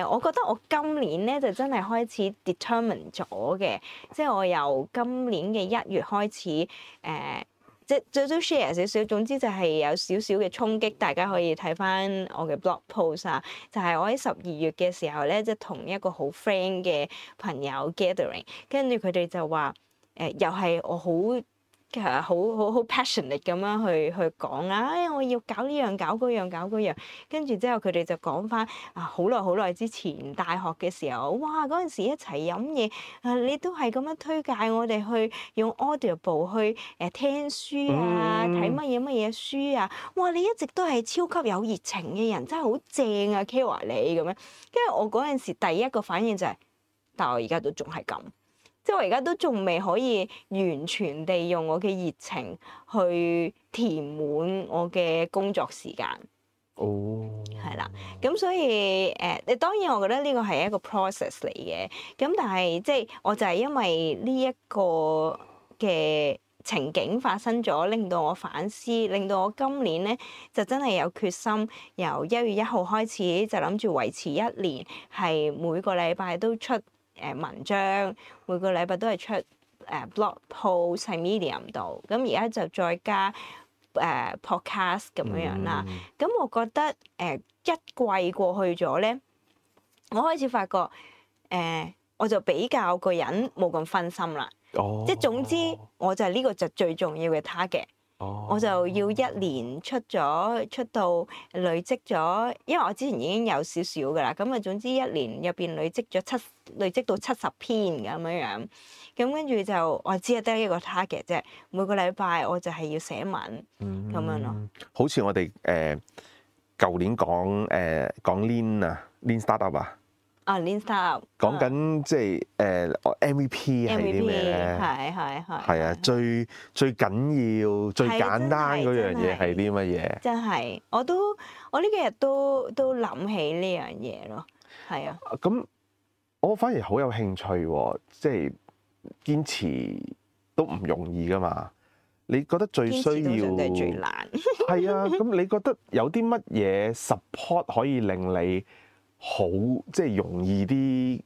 誒，我覺得我今年咧就真係開始 determine 咗嘅，即係我由今年嘅一月開始誒。呃即係最多 share 少少，總之就係有少少嘅衝擊，大家可以睇翻我嘅 blog post 啊，就係我喺十二月嘅時候咧，即係同一個好 friend 嘅朋友 gathering，跟住佢哋就話誒、呃、又係我好。其實好好好 passionate 咁樣去去講啊、哎！我要搞呢樣搞嗰樣搞嗰樣，跟住之後佢哋就講翻啊！好耐好耐之前大學嘅時候，哇！嗰陣時一齊飲嘢啊，你都係咁樣推介我哋去用 audiobook 去誒聽書啊，睇乜嘢乜嘢書啊！哇！你一直都係超級有熱情嘅人，真係好正啊！Care 你咁樣，跟住我嗰陣時第一個反應就係、是，但我而家都仲係咁。即係我而家都仲未可以完全地用我嘅熱情去填滿我嘅工作時間哦，係啦、oh.，咁所以誒，你、呃、當然我覺得呢個係一個 process 嚟嘅，咁但係即係我就係因為呢一個嘅情景發生咗，令到我反思，令到我今年咧就真係有決心，由一月一號開始就諗住維持一年，係每個禮拜都出。誒文章每個禮拜都係出誒 blog post 喺 Medium 度，咁而家就再加誒、uh, podcast 咁樣樣啦。咁、嗯、我覺得誒、uh, 一季過去咗咧，我開始發覺誒、uh, 我就比較個人冇咁分心啦。哦、即係總之，我就係呢個就最重要嘅 target。Oh. 我就要一年出咗出到累積咗，因為我之前已經有少少噶啦，咁啊，總之一年入邊累積咗七累積到七十篇咁樣樣，咁跟住就我只係得一個 target 啫，每個禮拜我就係要寫文咁、mm. 樣咯。好似我哋誒舊年講誒講 lean 啊，lean startup 啊。哦 Lapton 講緊即係誒、呃、MVP 係啲咩嘢？係係係。係啊，最最緊要、的最簡單嗰樣嘢係啲乜嘢？真係，我都我呢幾日都都諗起呢樣嘢咯，係啊。咁我反而好有興趣喎、啊，即係堅持都唔容易噶嘛。你覺得最需要最難係啊？ 咁你覺得有啲乜嘢 support 可以令你？好即係容易啲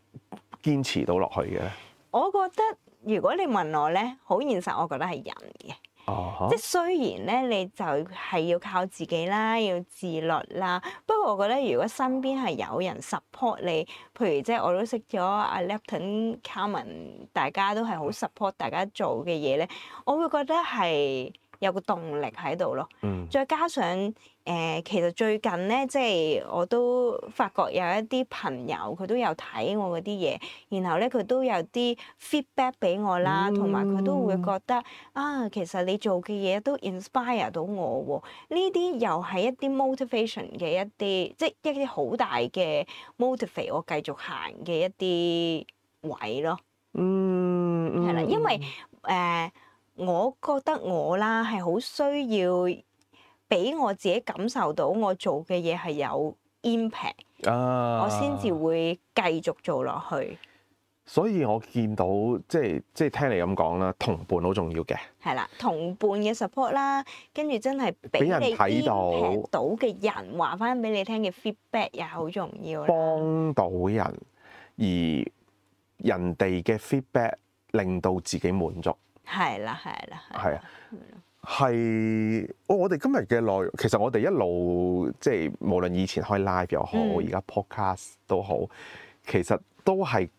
堅持到落去嘅咧，我覺得如果你問我咧，好現實，我覺得係人嘅。哦、uh，huh. 即係雖然咧，你就係要靠自己啦，要自律啦。不過我覺得如果身邊係有人 support 你，譬如即係我都識咗阿 Lapton，Common 大家都係好 support 大家做嘅嘢咧，我會覺得係。有個動力喺度咯，再加上誒，其實最近咧，即係我都發覺有一啲朋友佢都有睇我嗰啲嘢，然後咧，佢都有啲 feedback 俾我啦，同埋佢都會覺得啊，其實你做嘅嘢都 inspire 到我喎，呢啲又係一啲 motivation 嘅一啲，即係一啲好大嘅 motivate 我繼續行嘅一啲位咯，嗯，係啦，因為誒。我覺得我啦係好需要俾我自己感受到我做嘅嘢係有 impact，啊，我先至會繼續做落去。所以我見到即係即係聽你咁講啦，同伴好重要嘅係啦，同伴嘅 support 啦，跟住真係俾人睇到睇到嘅人話返俾你聽嘅 feedback 又好重要，幫到人，而人哋嘅 feedback 令到自己滿足。係啦，係啦，係啊，係哦！我哋今日嘅內容，其實我哋一路即係無論以前開 live 又好，而家、嗯、podcast 都好，其實都係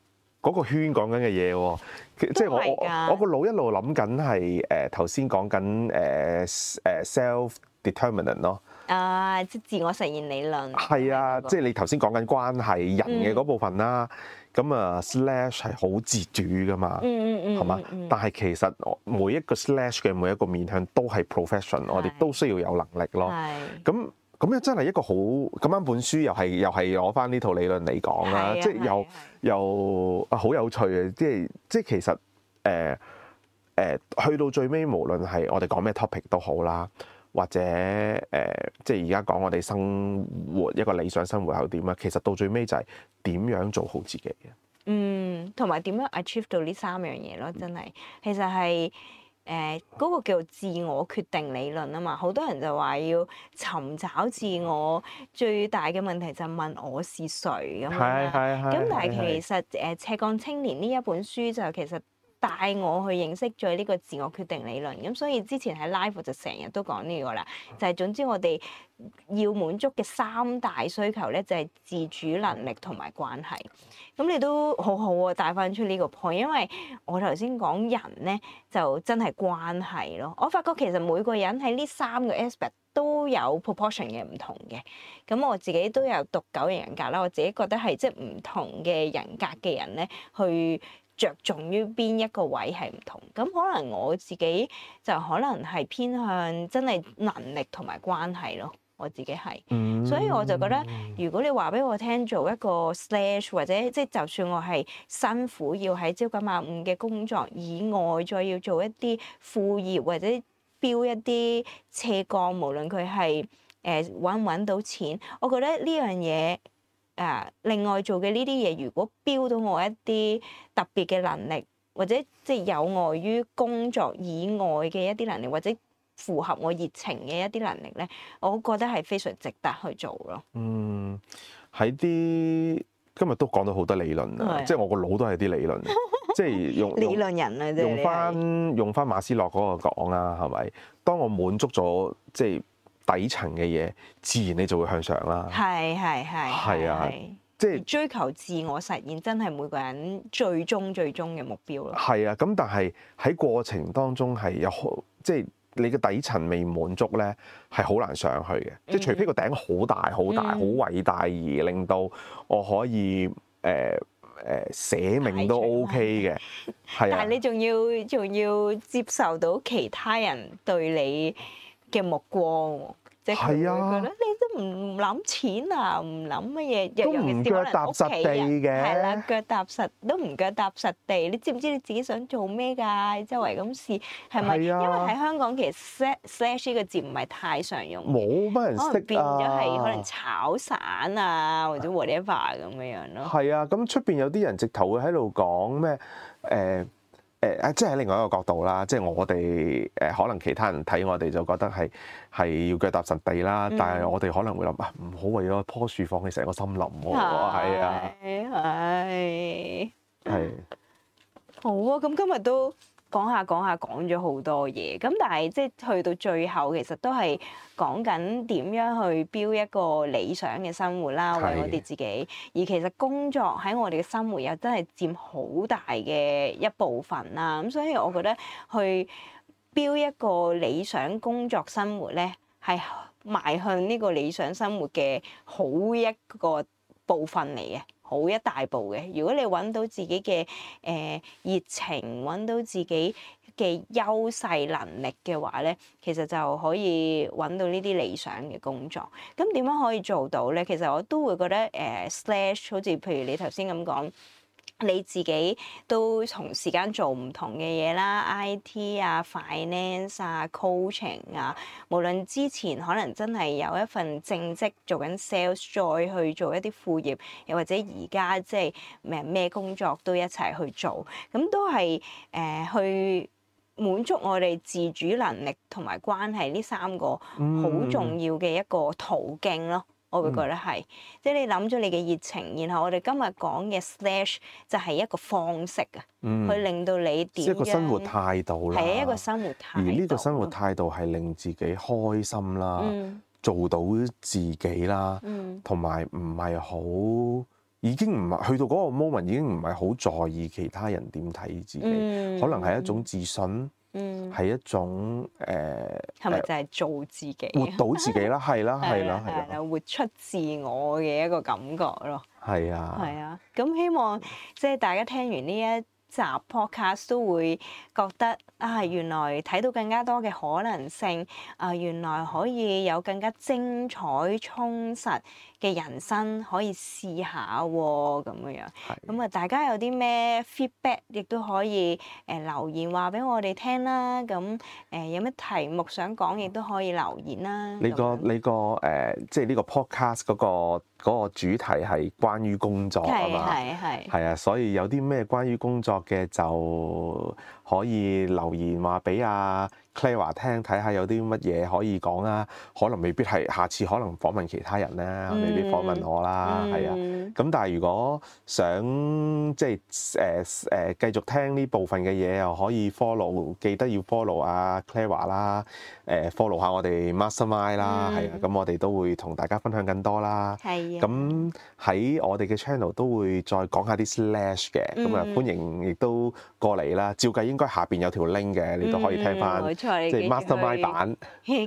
嗰個圈講緊嘅嘢喎。即係我我我個腦一路諗緊係誒頭先、呃、講緊誒誒、呃、self-determination 咯。啊，即自我實現理論。係啊的，即係、嗯、你頭先講緊關係人嘅嗰部分啦。嗯。咁啊，slash 係好自主噶嘛，係嘛、嗯嗯？但係其實每一個 slash 嘅每一個面向都係 profession，是我哋都需要有能力咯。咁咁又真係一個好咁啱本書又係又係攞翻呢套理論嚟講啦，即係又又好有趣嘅，即係即係其實誒誒、呃呃、去到最尾，無論係我哋講咩 topic 都好啦。或者誒、呃，即係而家講我哋生活一個理想生活係點啊？其實到最尾就係點樣做好自己嘅。嗯，同埋點樣 achieve 到呢三樣嘢咯？真係，其實係誒嗰個叫做自我決定理論啊嘛。好多人就話要尋找自我，最大嘅問題就問我是誰咁樣啦。係、係、係，咁但係其實誒、呃《斜槓青年》呢一本書就其實。帶我去認識咗呢個自我決定理論，咁所以之前喺 live 就成日都講呢個啦，就係總之我哋要滿足嘅三大需求咧，就係自主能力同埋關係。咁你都好好喎，帶翻出呢個 point，因為我頭先講人咧就真係關係咯。我發覺其實每個人喺呢三個 aspect 都有 proportion 嘅唔同嘅。咁我自己都有讀九型人格啦，我自己覺得係即係唔同嘅人格嘅人咧去。着重於邊一個位係唔同，咁可能我自己就可能係偏向真係能力同埋關係咯，我自己係，嗯、所以我就覺得如果你話俾我聽做一個 slash 或者即係就算我係辛苦要喺朝九晚五嘅工作以外，再要做一啲副業或者標一啲斜槓，無論佢係誒揾唔揾到錢，我覺得呢樣嘢。誒，另外做嘅呢啲嘢，如果標到我一啲特別嘅能力，或者即係有礙於工作以外嘅一啲能力，或者符合我熱情嘅一啲能力咧，我覺得係非常值得去做咯。嗯，喺啲今日都講到好多理論啊，的即係我個腦都係啲理論， 即係用，用 理論人啊，用翻回是用翻馬斯洛嗰個講啦，係咪？當我滿足咗即係。底層嘅嘢，自然你就會向上啦。係係係。係啊，即係追求自我實現，真係每個人最終最終嘅目標咯。係啊，咁但係喺過程當中係有好，即係你嘅底層未滿足咧，係好難上去嘅。即係除非個頂好大好大好偉大，而令到我可以誒誒捨命都 OK 嘅。係但 Yep. 啊。但係你仲要仲要接受到其他人對你嘅目光，即係覺得你都唔諗錢啊，唔諗乜嘢，樣樣嘅事可能屋企啊，係啦，腳踏實都唔腳踏實地。你知唔知你自己想做咩㗎？周圍咁試係咪？啊，因為喺香港其實 slash 呢個字唔係太常用。冇乜人識啊！變咗係可能炒散啊，或者 whatever 咁嘅樣咯。係啊，咁出邊有啲人直頭會喺度講咩誒？呃誒誒，即係喺另外一個角度啦，即係我哋誒可能其他人睇我哋就覺得係係要腳踏實地啦，但係我哋可能會諗啊，唔好為咗棵樹放棄成個森林喎，係啊，係，係，係，好啊，咁今日都。講下講下講咗好多嘢，咁但係即係去到最後，其實都係講緊點樣去標一個理想嘅生活啦，為我哋自己。的而其實工作喺我哋嘅生活又真係佔好大嘅一部分啦。咁所以我覺得去標一個理想工作生活咧，係邁向呢個理想生活嘅好一個部分嚟嘅。好一大步嘅，如果你揾到自己嘅誒、呃、熱情，揾到自己嘅優勢能力嘅話咧，其實就可以揾到呢啲理想嘅工作。咁點樣可以做到咧？其實我都會覺得誒、呃、slash 好似譬如你頭先咁講。你自己都同時間做唔同嘅嘢啦，IT 啊、finance 啊、coaching 啊，無論之前可能真係有一份正職做緊 sales，再去做一啲副業，又或者而家即係咩咩工作都一齊去做，咁都係誒、呃、去滿足我哋自主能力同埋關係呢三個好重要嘅一個途徑咯。我會覺得係，嗯、即係你諗咗你嘅熱情，然後我哋今日講嘅 slash 就係一個方式啊，嗯、去令到你點樣，即係一個生活態度啦，係一個生活態度。而呢個生活態度係令自己開心啦，嗯、做到自己啦，同埋唔係好，已經唔係去到嗰個 moment，已經唔係好在意其他人點睇自己，嗯、可能係一種自信。係一種誒，係、呃、咪就係做自己，活到自己啦，係啦，係啦， 係啦，活出自我嘅一個感覺咯，係啊的，係啊的，咁希望即係大家聽完呢一集 podcast 都會覺得啊，原來睇到更加多嘅可能性，啊，原來可以有更加精彩充實。嘅人生可以試下喎、哦，咁樣樣。咁啊係，大家有啲咩 feedback 亦都可以誒留言話俾我哋聽啦。咁誒有咩題目想講亦都可以留言啦。言你個樣你個誒、呃、即係呢個 podcast 嗰個嗰個主題係關於工作啊嘛，係係係啊，所以有啲咩關於工作嘅就。可以留言話俾阿 Clara 聽，睇下有啲乜嘢可以講啊？可能未必係，下次可能訪問其他人咧，嗯、未必訪問我啦，係啊、嗯。咁但係如果想即係誒誒繼續聽呢部分嘅嘢，又可以 follow，記得要 follow Clara、呃、follow 啊 Clara 啦。誒 follow 下我哋 Mastermine 啦、嗯，係啊。咁我哋都會同大家分享更多啦。係啊、嗯。咁喺的我哋嘅 channel 都會再講下啲 slash 嘅，咁啊、嗯嗯、歡迎亦都過嚟啦。照計。應該下邊有條 link 嘅，嗯、你都可以聽翻，嗯、冇錯、即係 Mastermine 版。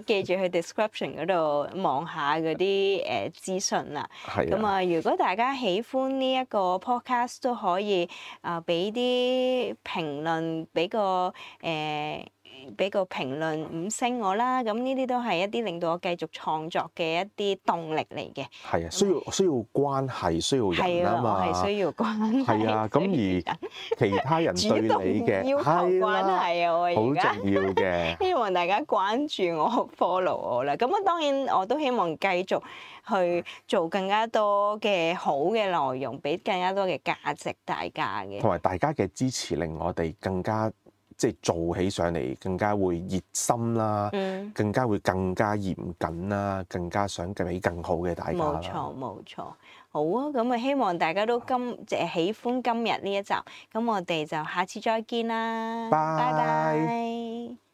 記住去， 去 description 嗰度望下嗰啲誒資訊啦。咁、呃、啊的，如果大家喜歡呢一個 podcast，都可以啊，俾啲評論，俾個誒。呃俾個評論五星我啦，咁呢啲都係一啲令到我繼續創作嘅一啲動力嚟嘅。係啊，那需要需要關係，需要人啊嘛。係啊，我需要關係。係啊，咁而其他人對你嘅 要求關係啊，啊我而家好重要嘅。 希望大家關注我、follow 我啦。咁啊，當然我都希望繼續去做更加多嘅好嘅內容，俾更加多嘅價值大家嘅。同埋大家嘅支持，令我哋更加。即係做起上嚟更加會熱心啦，嗯、更加會更加嚴謹啦，更加想起更好嘅大家。冇錯，冇錯。好啊，咁啊，希望大家都今即係喜歡今日呢一集。咁我哋就下次再見啦，拜拜。